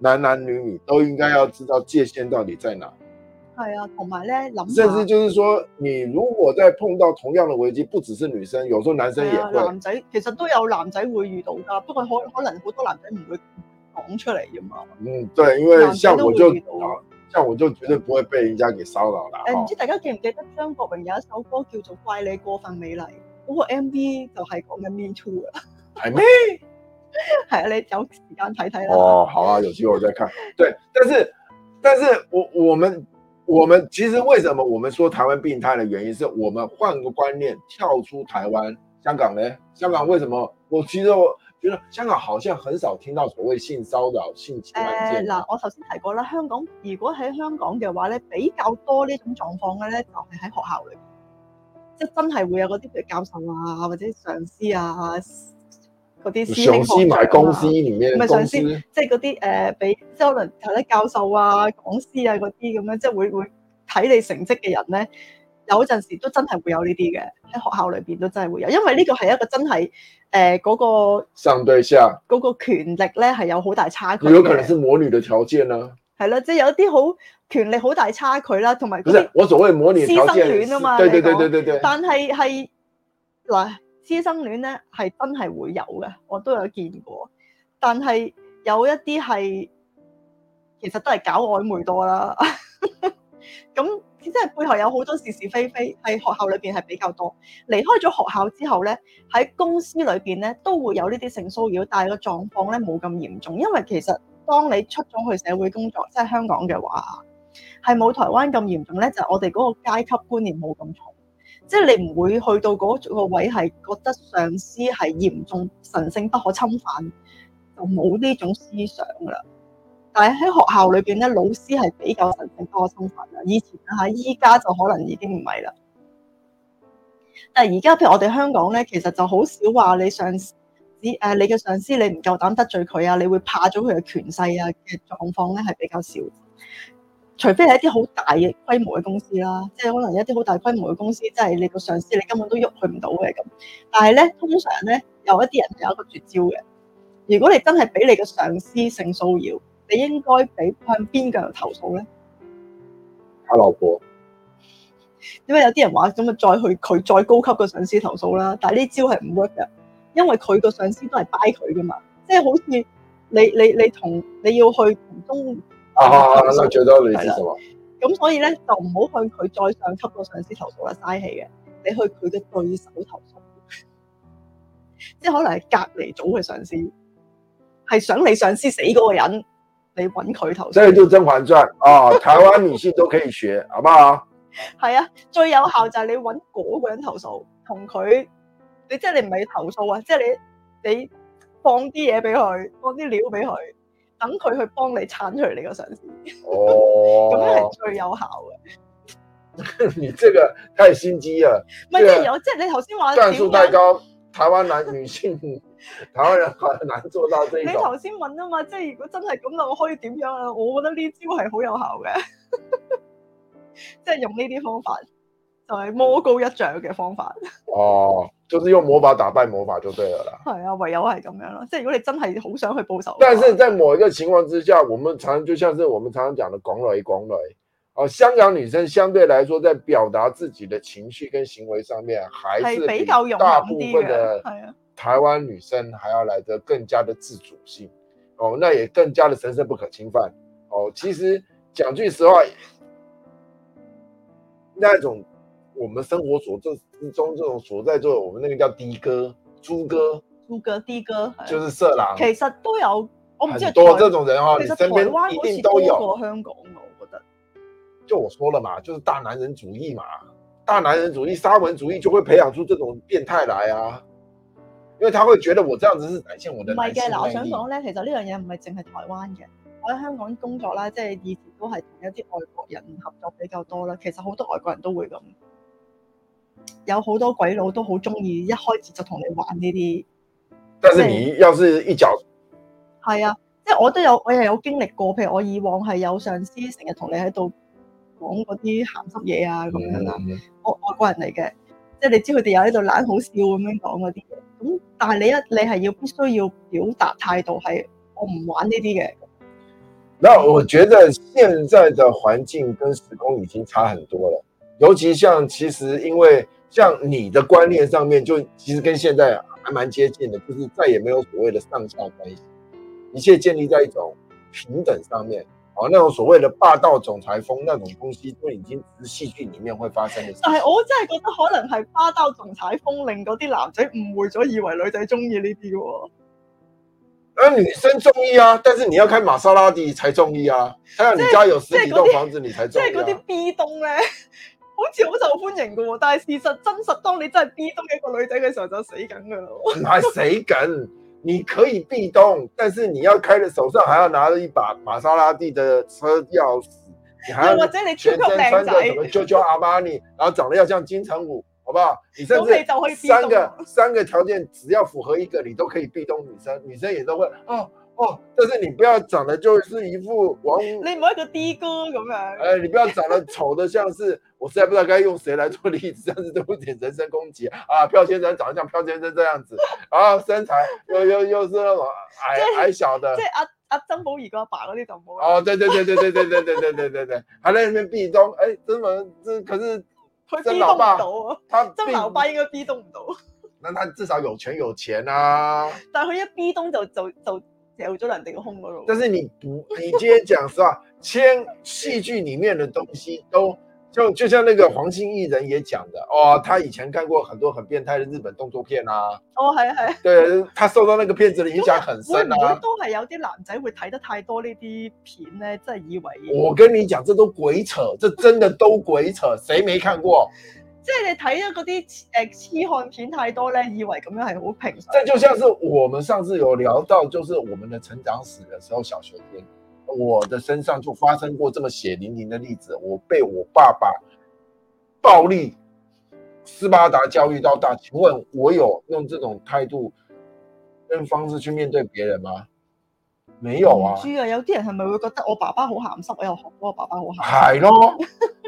男男女女都應該要知道界限到底在哪兒。係啊，同埋咧，甚至就是說，你如果再碰到同樣的危機，不只是女生，有時候男生也會。啊、男仔其實都有男仔會遇到噶，不過可可能好多男仔唔會講出嚟噶嘛。嗯，對，因為像我就，我像我就絕對不會被人家給騷擾啦。誒、嗯，唔知大家記唔記得張國榮有一首歌叫做《怪你過分美麗》，嗰、那個 MV 就係講緊 Me Too 啊。係咩？係、 啊、你有時間睇睇哦，好啊，有機會我再看。 對，但是，但是我我們我們其實為什麼我們說台灣病態的原因，是我們換個觀念，跳出台灣香港咧。香港為什麼？我其實我覺得香港好像很少聽到所謂性騷擾、性歧視，嗱，我頭先提過啦，香港如果喺香港嘅話咧，比較多呢種狀況嘅咧，就係喺學校裏，即係真係會有嗰啲譬如教授啊或者上司啊。嗰啲師兄師妹啊，唔係、啊、上司，即係嗰啲誒，比即係可能頭先教授啊、講師啊嗰啲咁樣，即、就、係、是、會會睇你成績嘅人咧，有陣時都真係會有呢啲嘅，喺學校裏邊都真係會有，因為呢個係一個真係誒嗰個上對下嗰、那個權力咧係有好大差距，有可能係模擬嘅條件啦、啊，係咯，即、就、係、是、有啲好權力好大差距啦，同埋，不是我所謂模擬條件，師生戀啊嘛，對對對對對對，但係係嗱。師生戀咧係真係會有嘅，我都有見過。但係有一啲係其實都係搞曖昧多啦。咁 即係背後有好多是是非非，喺學校裏邊係比較多。離開咗學校之後咧，喺公司裏邊咧都會有呢啲性騷擾，但係個狀況咧冇咁嚴重。因為其實當你出咗去社會工作，即係香港嘅話，係冇台灣咁嚴重咧。就係、我哋嗰個階級觀念冇咁重。即係你唔會去到嗰個位，係覺得上司係嚴重神聖不可侵犯，就冇呢種思想啦。但係喺學校裏邊咧，老師係比較神聖不可侵犯啦。以前啊嚇，依家就可能已經唔係啦。但係而家譬如我哋香港咧，其實就好少話你上司，誒你嘅上司你唔夠膽得罪佢啊，你會怕咗佢嘅權勢啊嘅狀況咧，係比較少。除非係一啲好大嘅規模嘅公司啦，即係可能一啲好大規模嘅公司，即係你個上司你根本都喐佢唔到嘅咁。但係咧，通常咧，有一啲人有一個絕招嘅。如果你真係俾你嘅上司性騷擾，你應該俾向邊個人投訴咧？阿老婆，點解有啲人話咁啊，再去佢再高級嘅上司投訴啦，但係呢招係唔 work 㗎，因為佢個上司都係掰佢噶嘛，即係好似你你你同你，你要去同中。啊，咁啊，最多女仔喎。咁所以咧，就唔好向佢再上級個上司投訴啦，嘥氣嘅。你去佢嘅對手投訴， 即係可能係隔籬組嘅上司，係想你上司死嗰個人，你揾佢投訴。即係都甄嬛傳啊！台灣明星都可以學，好唔好？係啊，最有效就係你揾嗰個人投訴，同佢，你即係你唔係投訴啊，即係你你放啲嘢俾佢，放啲料俾佢。等佢去幫你剷除你個上司，哦，咁樣係最有效嘅。你這個太心機啊！唔係有即係你頭先話戰術太高，台灣男女性、 台灣人好難做到呢一種。你頭先問啊嘛，即係如果真係咁啦，我可以點樣啊？我覺得呢招係好有效嘅，即 係用呢啲方法就係魔高一丈嘅方法。哦。就是用魔法打敗魔法就對了啦，係啊，唯有係咁樣咯。即係如果你真係好想去報仇，但是在某一個情況之下，我們常，就像是我們常常講的港女港女哦，香港女生相對來說，在表達自己的情緒跟行為上面，還是比大部分的台灣女生還要來得更加的自主性哦、呃，那也更加的神聖不可侵犯哦、呃。其實講句實話，那種。我們生活所作之中，這種所在座，我們那個叫的哥、豬哥、豬哥、的哥，就是色狼。其實都有，我唔知有冇這種人哦、啊。你身邊一定都有過香港，我覺得。就我說了嘛，就是大男人主義嘛，大男人主義、沙文主義就會培養出這種變態來啊！因為他會覺得我這樣子是展現我的。唔係嘅嗱，我想講咧，其實呢樣嘢唔係淨係台灣嘅。我喺香港工作啦，即係以前都係同一啲外國人合作比較多啦。其實好多外國人都會咁。有好多鬼佬都好中意，一開始就同你玩呢啲，但係你要是一腳係啊，即係我都有我又有經歷過，譬如，我以往係有上司成日同你喺度講嗰啲鹹濕嘢，啊咁樣啊，嗯、樣我個人嚟嘅，即係你知佢哋又喺度懶好笑咁樣講嗰啲嘢，咁但係你一你係要必須要表達態度係我唔玩呢啲嘅。嗱，我覺得現在嘅環境跟時空已經差很多了，尤其像其實因為。像你的觀念上面，就其實跟現在還蠻接近的，就是再也沒有所謂的上下關係，一切建立在一種平等上面。好、啊，那種所謂的霸道總裁風那種東西，都已經是戲劇裏面會發生的事。但是我真係覺得可能是霸道總裁風令嗰啲男仔誤會咗，以為女仔中意呢啲嘅。啊，女生中意啊，但是你要開瑪莎拉蒂才中意啊，要、就是、你家有十幾棟房子你才中意、啊。即係嗰啲壁咚咧。好似好受歡迎嘅喎，但係事實真實，當你真係壁咚一個女仔嘅時候就死緊噶啦。唔係死緊，你可以壁咚，但是你要開喺手上，還要拿着一把瑪莎拉蒂的車鑰匙，你還要全身穿着什麼 JoJo Armani， 然後長得要像金城武，好不好？你甚至三個 三個條件只要符合一個，你都可以壁咚女生，女生也都會，嗯。 哦，但是你不要長得就是一副王，你唔好一個的哥咁樣、哎。你不要長得醜的，像是 我實在不知道該用誰來做例子，這樣子都有點人身攻擊啊！漂先生長得像漂先生這樣子， 啊，身材又又又是那麼矮 矮小的。阿阿、啊啊、曾寶儀個阿爸嗰啲就冇。哦，對對對對對對對對對對對， 還在那邊壁咚。誒、哎，曾寶，這可是曾老爸，老爸他曾老爸應該壁咚唔到。那他至少有權有錢啊。 但佢一壁咚就就就。就但是你唔，你今天講實話，千戲劇裏面嘅東西都，就就像那個黃金藝人也講嘅，哦，他以前看過很多很變態嘅日本動作片啊，哦係啊係，對他受到那個片子嘅影響很深啊，我我覺得都是有啲男仔會睇得太多呢啲片呢，真係以為，我跟你講，這都鬼扯，這真的都鬼扯，誰沒看過？ 即係你睇咗嗰啲誒痴漢片太多咧，以為咁樣係好平常。但就像是我們上次有聊到，就是我們的成長史的時候，小學篇，我的身上就發生過這麼血淋淋的例子，我被我爸爸暴力斯巴達教育到大。請問我有用這種態度跟方式去面對別人嗎？沒有啊。主、啊、有啲人係咪會覺得我爸爸好鹹濕，我又學我爸爸好鹹？係咯。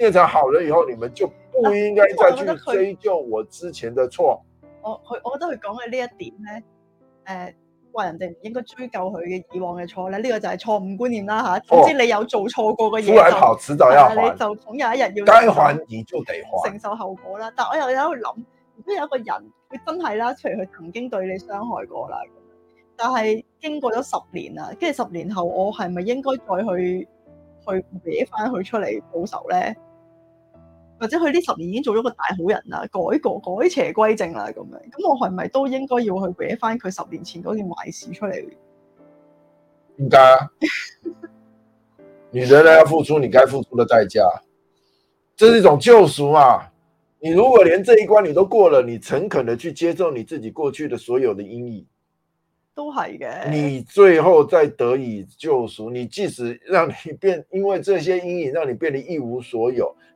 變成好了以後，你們就不應該再去追究我之前的錯。我佢，我覺得佢講嘅呢一點咧，誒、呃，話人哋唔應該追究佢嘅以往嘅錯咧，呢、這個就係錯誤觀念啦吓。總之你有做錯過嘅嘢、哦，出嚟跑遲早要還，你就總有一日要該還已遭地承受後果啦。但係我又果有喺度諗，如果有個人，佢真係啦，雖然佢曾經對你傷害過啦，但係經過咗十年啦，跟住十年後，我係咪應該再去去搣翻佢出嚟報仇咧？或者佢呢十年已經做咗個大好人啦，改改改邪歸正啦咁樣，咁我係咪都應該要去畀返佢十年前嗰件壞事出嚟？應該、啊、 你仍然要付出你該付出嘅代價，這是一種救贖啊！你如果連這一關你都過了，你誠懇的去接受你自己過去的所有的陰影，都係嘅。你最後再得以救贖，你即使讓你變，因為這些陰影讓你變得一無所有。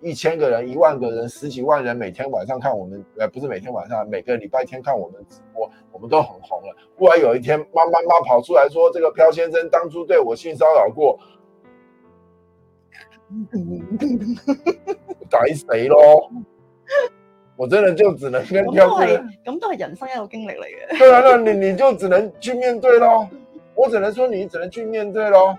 一千個人、一萬個人、十幾萬人每天晚上看我們，哎，不是每天晚上，每個禮拜天看我們直播，我們都很紅了。忽然有一天，媽媽媽跑出來說：“這個漂先生當初對我性騷擾過。 ”改誰咯，我真的就只能跟漂說。咁 都，都係人生一個經歷嚟嘅。 對啊，那你你就只能去面對咯。我只能說，你只能去面對咯。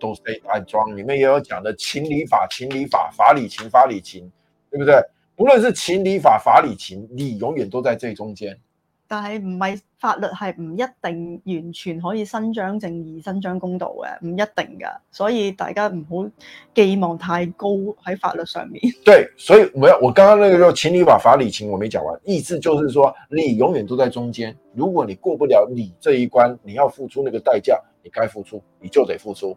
都是安裝，裏面也有講的情理法情理法法理情法理情，對不對？不論是情理法法理情，你永遠都在最中間。但是唔係法律係唔一定完全可以伸張正義、伸張公道嘅，唔一定㗎，所以大家唔好寄望太高喺法律上面。對，所以我剛剛那個叫情理法法理情，我沒講完，意思就是說，你永遠都在中間。如果你過不了你這一關，你要付出那個代價，你該付出，你就得付出。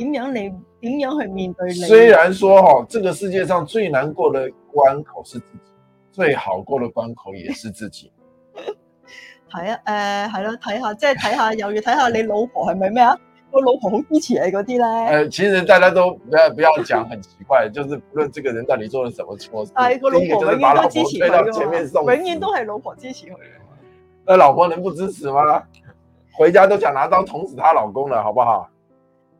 點樣你？點樣去面對你？雖然說哈、哦，這個世界上最難過的關口是自己，最好過的關口也是自己。係 啊，誒、呃，係咯，睇下，即係睇下，又要睇下你老婆係咪咩啊？個 老婆好支持你嗰啲咧。誒、呃，其實大家都不要不要講，很奇怪， 就是不論這個人到底做了什麼錯事，係個老婆，個老婆永遠都支持佢，永遠都係老婆支持佢。誒，老婆能不支持嗎？ 回家都想拿刀捅死他老公了，好不好？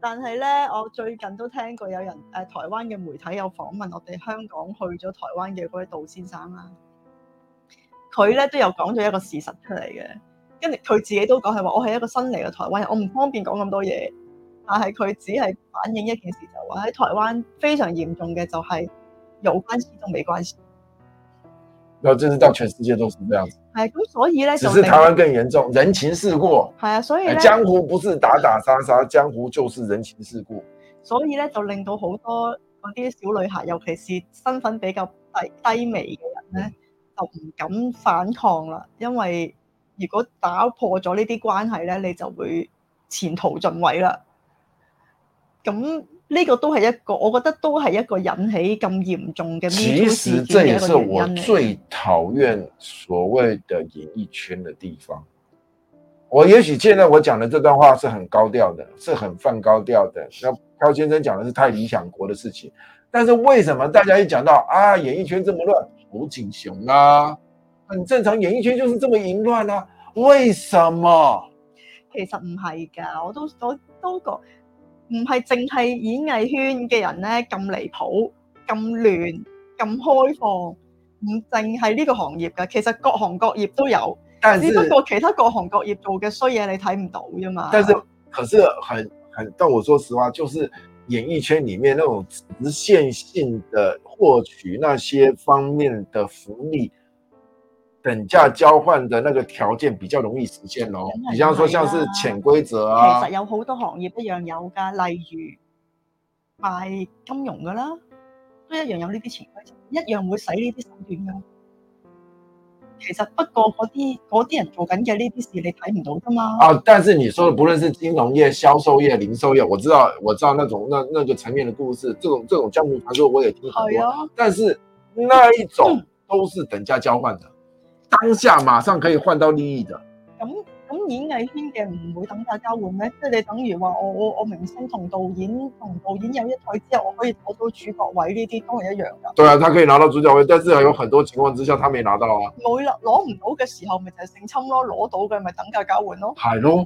但係咧，我最近都聽過有人誒、台灣嘅媒體有訪問我哋香港去咗台灣嘅嗰位杜先生啦。佢咧都有講咗一個事實出嚟嘅，跟住佢自己都講係話，我係一個新嚟嘅台灣人，我唔方便講咁多嘢。但係佢只係反映一件事，就話喺台灣非常嚴重嘅就係有關事都未關事。哦，就是到全世界都是這樣子，係咁，所以咧，只是台灣更嚴重，人情世故，係啊，所以江湖不是打打殺殺，江湖就是人情世故，所以咧就令到好多嗰啲小女孩，尤其是身份比較低低微嘅人咧，就唔敢反抗啦，因為如果打破咗呢啲關係咧，你就會前途盡毀啦，咁。呢、這個都係一個，我覺得都係一個引起咁嚴重嘅。其實這也是我最討厭所謂的演藝圈，圈的地方。我也許現在我講的這段話是很高調的，是很放高調的。那高先生講的是太理想國的事情，但是為什麼大家一講到啊演藝圈這麼亂，胡景雄啊，很正常，演藝圈就是這麼淫亂啊？為什麼？其實唔係㗎，我都我都，我都覺得。唔係淨係演藝圈嘅人咧，咁離譜、咁亂、咁開放，唔淨係呢個行業嘅，其實各行各業都有，只不過其他各行各業做嘅衰嘢你睇唔到啫嘛。但是，可是很很，但係我說實話，就是演藝圈裡面那種直線性的獲取那些方面的福利。等價交換的那個條件比較容易實現咯，比方說像是潛規則啊，其實有好多行業一樣有噶，例如賣金融噶啦，都一樣有呢啲潛規則，一樣會使呢啲手段噶。其實不過嗰啲嗰啲人做緊嘅呢啲事，你睇唔到噶嘛。啊，但是你說的不論是金融業、銷售業、零售業，我知道我知道那種那那個層面的故事，這種這種江湖傳說我也聽很多，但是那一種都是等價交換的。當下馬上可以換到利益的，咁咁演藝圈嘅唔會等價交換咩？即係你等於話我我我明星同導演同導演有一台之後，我可以攞到主角位呢啲都係一樣噶。對啊，他可以拿到主角位，但是還有很多情況之下，他未拿到啊。冇啦，攞唔到嘅時候咪就係性侵咯，攞到嘅咪等價交換咯。係咯，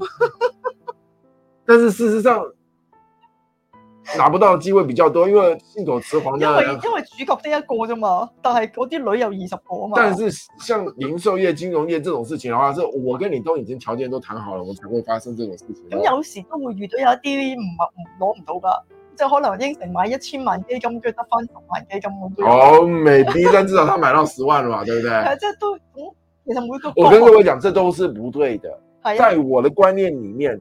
但是事實上。拿不到機會比較多，因為信口雌黃的。因為因為主角得一個啫嘛，但係嗰啲女有二十個啊嘛。但是像零售業、金融業這種事情嘅話，是我跟你都已經條件都談好了，我先會發生這種事情。咁、嗯、有時都會遇到有一啲唔唔攞唔到㗎，即係可能應承買一千萬基金，佢得翻十萬基金咁。好美啲，但 至少他買到十萬了嘛， 對唔對？係，即係都其實每個。我跟各位講，這都是不對的，啊，在我的觀念裡面。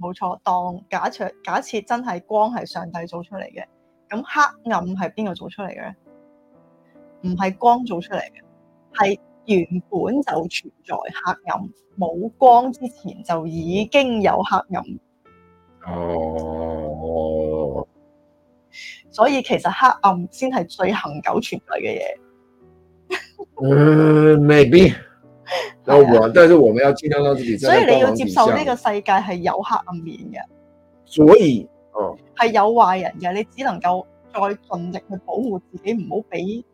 冇錯，當假設假設真係光係上帝做出嚟嘅，咁黑暗係邊個做出嚟嘅咧？唔係光做出嚟嘅，係原本就存在黑暗，冇光之前就已經有黑暗。哦、uh,，所以其實黑暗先係最恆久存在嘅嘢。嗯 uh,，maybe。但是我們要盡量讓自己。所以你要接受呢個世界係有黑暗面嘅，所以，哦，係有壞人嘅，你只能夠再盡力去保護自己，唔好俾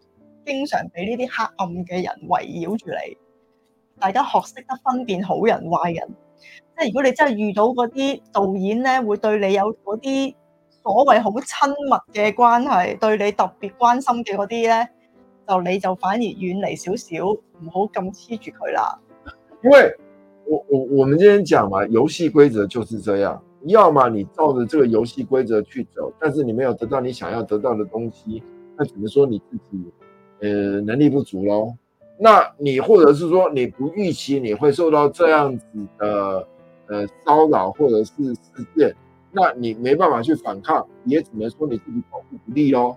經常俾呢啲黑暗嘅人圍繞住你。大家學識得分辨好人壞人，即係如果你真係遇到嗰啲導演咧，會對你有嗰啲所謂好親密嘅關係，對你特別關心嘅嗰啲咧。就你就反而遠離少少，唔好咁黐住佢啦。因為我我我們今天講嘛，遊戲規則就是這樣，要麼你照着這個遊戲規則去走，但是你沒有得到你想要得到的東西，那只能說你自己，誒、呃、能力不足咯。那你或者是說你不預期你會受到這樣子的，誒騷擾或者是事件，那你沒辦法去反抗，也只能說你自己保護不力咯。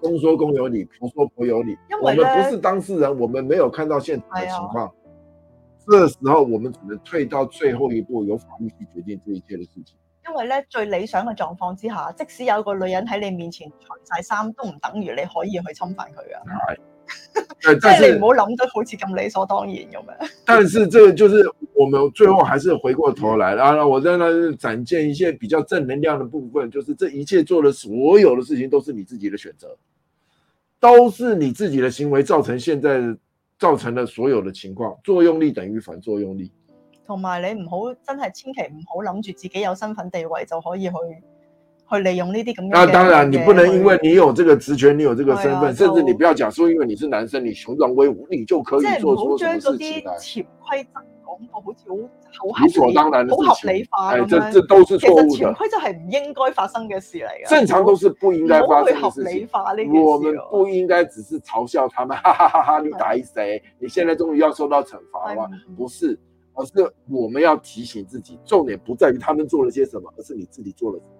公說公有理，婆說婆有理。我們不是當事人，我們沒有看到現場的情況，哎。這時候，我們只能退到最後一步，由法律去決定這一切的事情。因為呢，最理想嘅狀況之下，即使有個女人喺你面前除晒衫，都唔等於你可以去侵犯佢啊。係。但係唔好諗得好似咁理所當然咁樣。但是， 就是這, 但是這就是我們最後還是回過頭來啦。我再呢展現一些比較正能量的部分，就是這一切做的所有的事情都是你自己的選擇，都是你自己的行為造成現在造成的所有的情況。作用力等於反作用力，同埋你唔好真係千祈唔好諗住自己有身份地位就可以去。去利用呢啲咁樣，啊，當然你不能因為你有這個職權，你有這個身份，啊，甚至你不要講說，因為你是男生，你雄壯威武，你就可以做出什麼事情嚟。即係唔好將嗰啲潛規則好似好好合理、好合理化咁樣。這、欸、這都是錯誤的。其實潛規則係唔應該發生嘅事嚟嘅。正常都是不應該發生的事情。事我們不應該只是嘲笑他們，哈哈哈哈！你打一誰？你現在終於要受到懲罰啦？不是，而是我們要提醒自己，重點不在於他們做了些什麼，而是你自己做了什麼。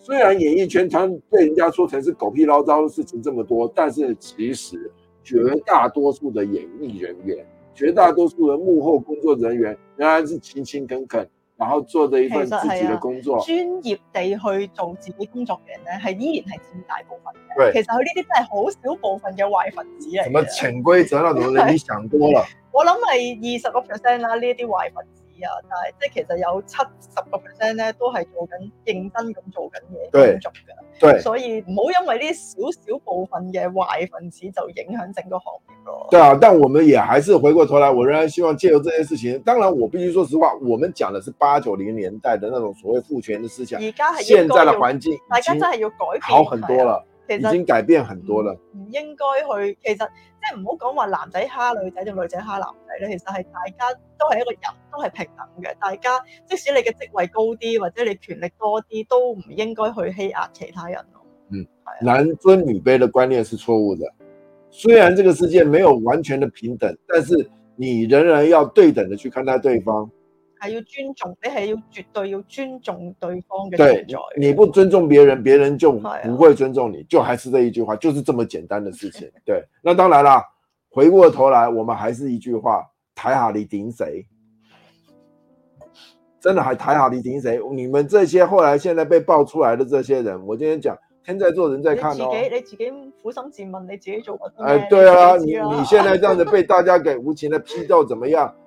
雖然演藝圈常被人家說成是狗屁倒灶的事情這麼多，但是其實絕大多數的演藝人員，絕大多數的幕後工作人員仍然是勤勤懇懇，然後做着一份自己的工作是、啊，專業地去做自己工作嘅人呢，係依然係佔大部分。對，其實佢呢啲真係好少部分嘅壞分子啊。什麼潛規則啦、啊，你 你想多了。我諗係二十個 percent 啦，呢、啊、啲壞分子。但係即係其實有七十個 percent 咧，都係做緊認真咁做緊嘢工作嘅，所以唔好因為呢少少部分嘅壞分子就影響整個行業咯。對啊，但我們也還是回過頭來，我仍然希望借由這些事情，當然，我必須說實話，我們講的是八九零年，年代的那種所謂父權的思想。而家現在的環境，大家真係要改變，好很多了，已經改變很多了。唔應該去，其實。唔好講話男仔蝦女仔定女仔蝦男仔咧，其實係大家都係一個人，都係平等嘅。大家即使你嘅職位高啲或者你權力多啲，都唔應該去欺壓其他人咯。嗯，係。男尊女卑的觀念是錯誤嘅。雖然這個世界沒有完全的平等，但是你仍然要對等的去看待對方。還要尊重，你係要絕對要尊重對方嘅存在。對，你不尊重別人，別人就唔會尊重你，啊，就還是這一句話，就是這麼簡單的事情。 對，那當然啦。回過頭來，我們還是一句話：台下你頂誰？真的還台下你頂誰？你們這些後來現在被爆出來的這些人，我今天講，天在做人在看。你自己你自己苦心自問，你自己做乜，哎？對啊，你你現在這樣子被大家給無情的批鬥，怎麼樣？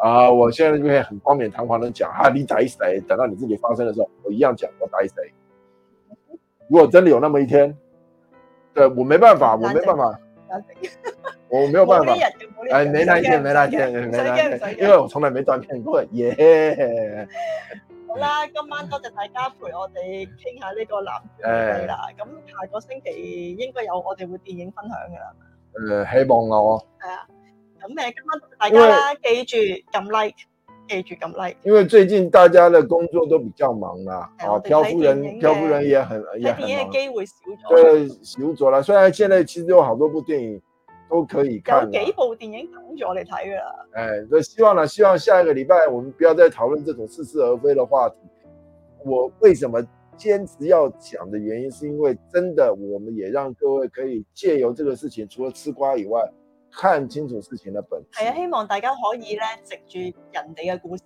啊、uh,！我現在就可以很冠冕堂皇地講，啊，你抵死，等到你自己發生的時候，我一樣講，我抵死。如果真的有那麼一天，對，我沒辦法，我沒辦法，我沒有辦法， 我沒辦法沒沒哎，你沒那一天，沒那一天，沒那一天，因為我從來沒斷片過耶。Yeah、 好啦，今晚多謝大家陪我哋傾下呢個男主。誒，咁下個星期應該有我哋會電影分享嘅。誒、uh,，希望我。係啊。咁咩？今晚大家啦，記住撳 like，記住撳 like。因為最近大家的工作都比較忙啦，嗯、啊，漂夫人，漂夫人也很，睇電影嘅機會少咗。對，少咗啦。雖然現在其實有好多部電影都可以睇，有幾部電影等住我哋睇噶啦。誒、欸，所以希望啦，希望下一個禮拜我們不要再討論這種似是而非的話題。我為什麼堅持要講的原因，是因為真的，我們也讓各位可以借由這個事情，除了吃瓜以外。看清楚事情的本質係啊，希望大家可以咧，藉住人哋嘅故事，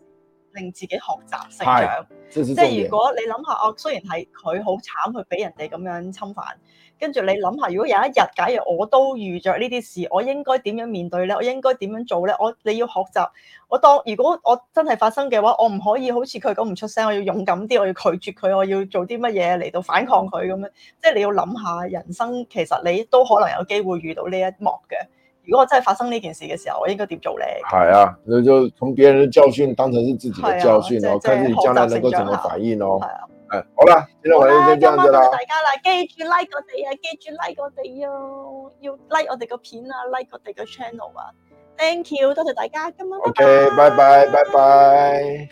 令自己學習成長。即係如果你諗下，我、哦、雖然係佢好慘，去俾人哋咁樣侵犯，跟住你諗下，如果有一日，假如我都遇着呢啲事，我應該點樣面對咧？我應該點樣做咧？我你要學習，我當如果我真係發生嘅話，我唔可以好似佢咁唔出聲，我要勇敢啲，我要拒絕佢，我要做啲乜嘢嚟到反抗佢咁樣。即係你要諗下，人生其實你都可能有機會遇到呢一幕嘅。如果真係發生呢件事嘅時候，我應該點做咧？係啊，你就從別人嘅教訓當成是自己嘅教訓咯，啊就是、看自己將來能夠點樣反應咯。係啊，誒，好啦，呢度我哋已經將咗。好啦，多謝大家啦，記住 like 我哋啊，記住 like 我哋啊，要 like 我哋個片啊，like 我哋個 channel 啊，Thank you，多謝大家，今晚。OK，拜拜，拜拜。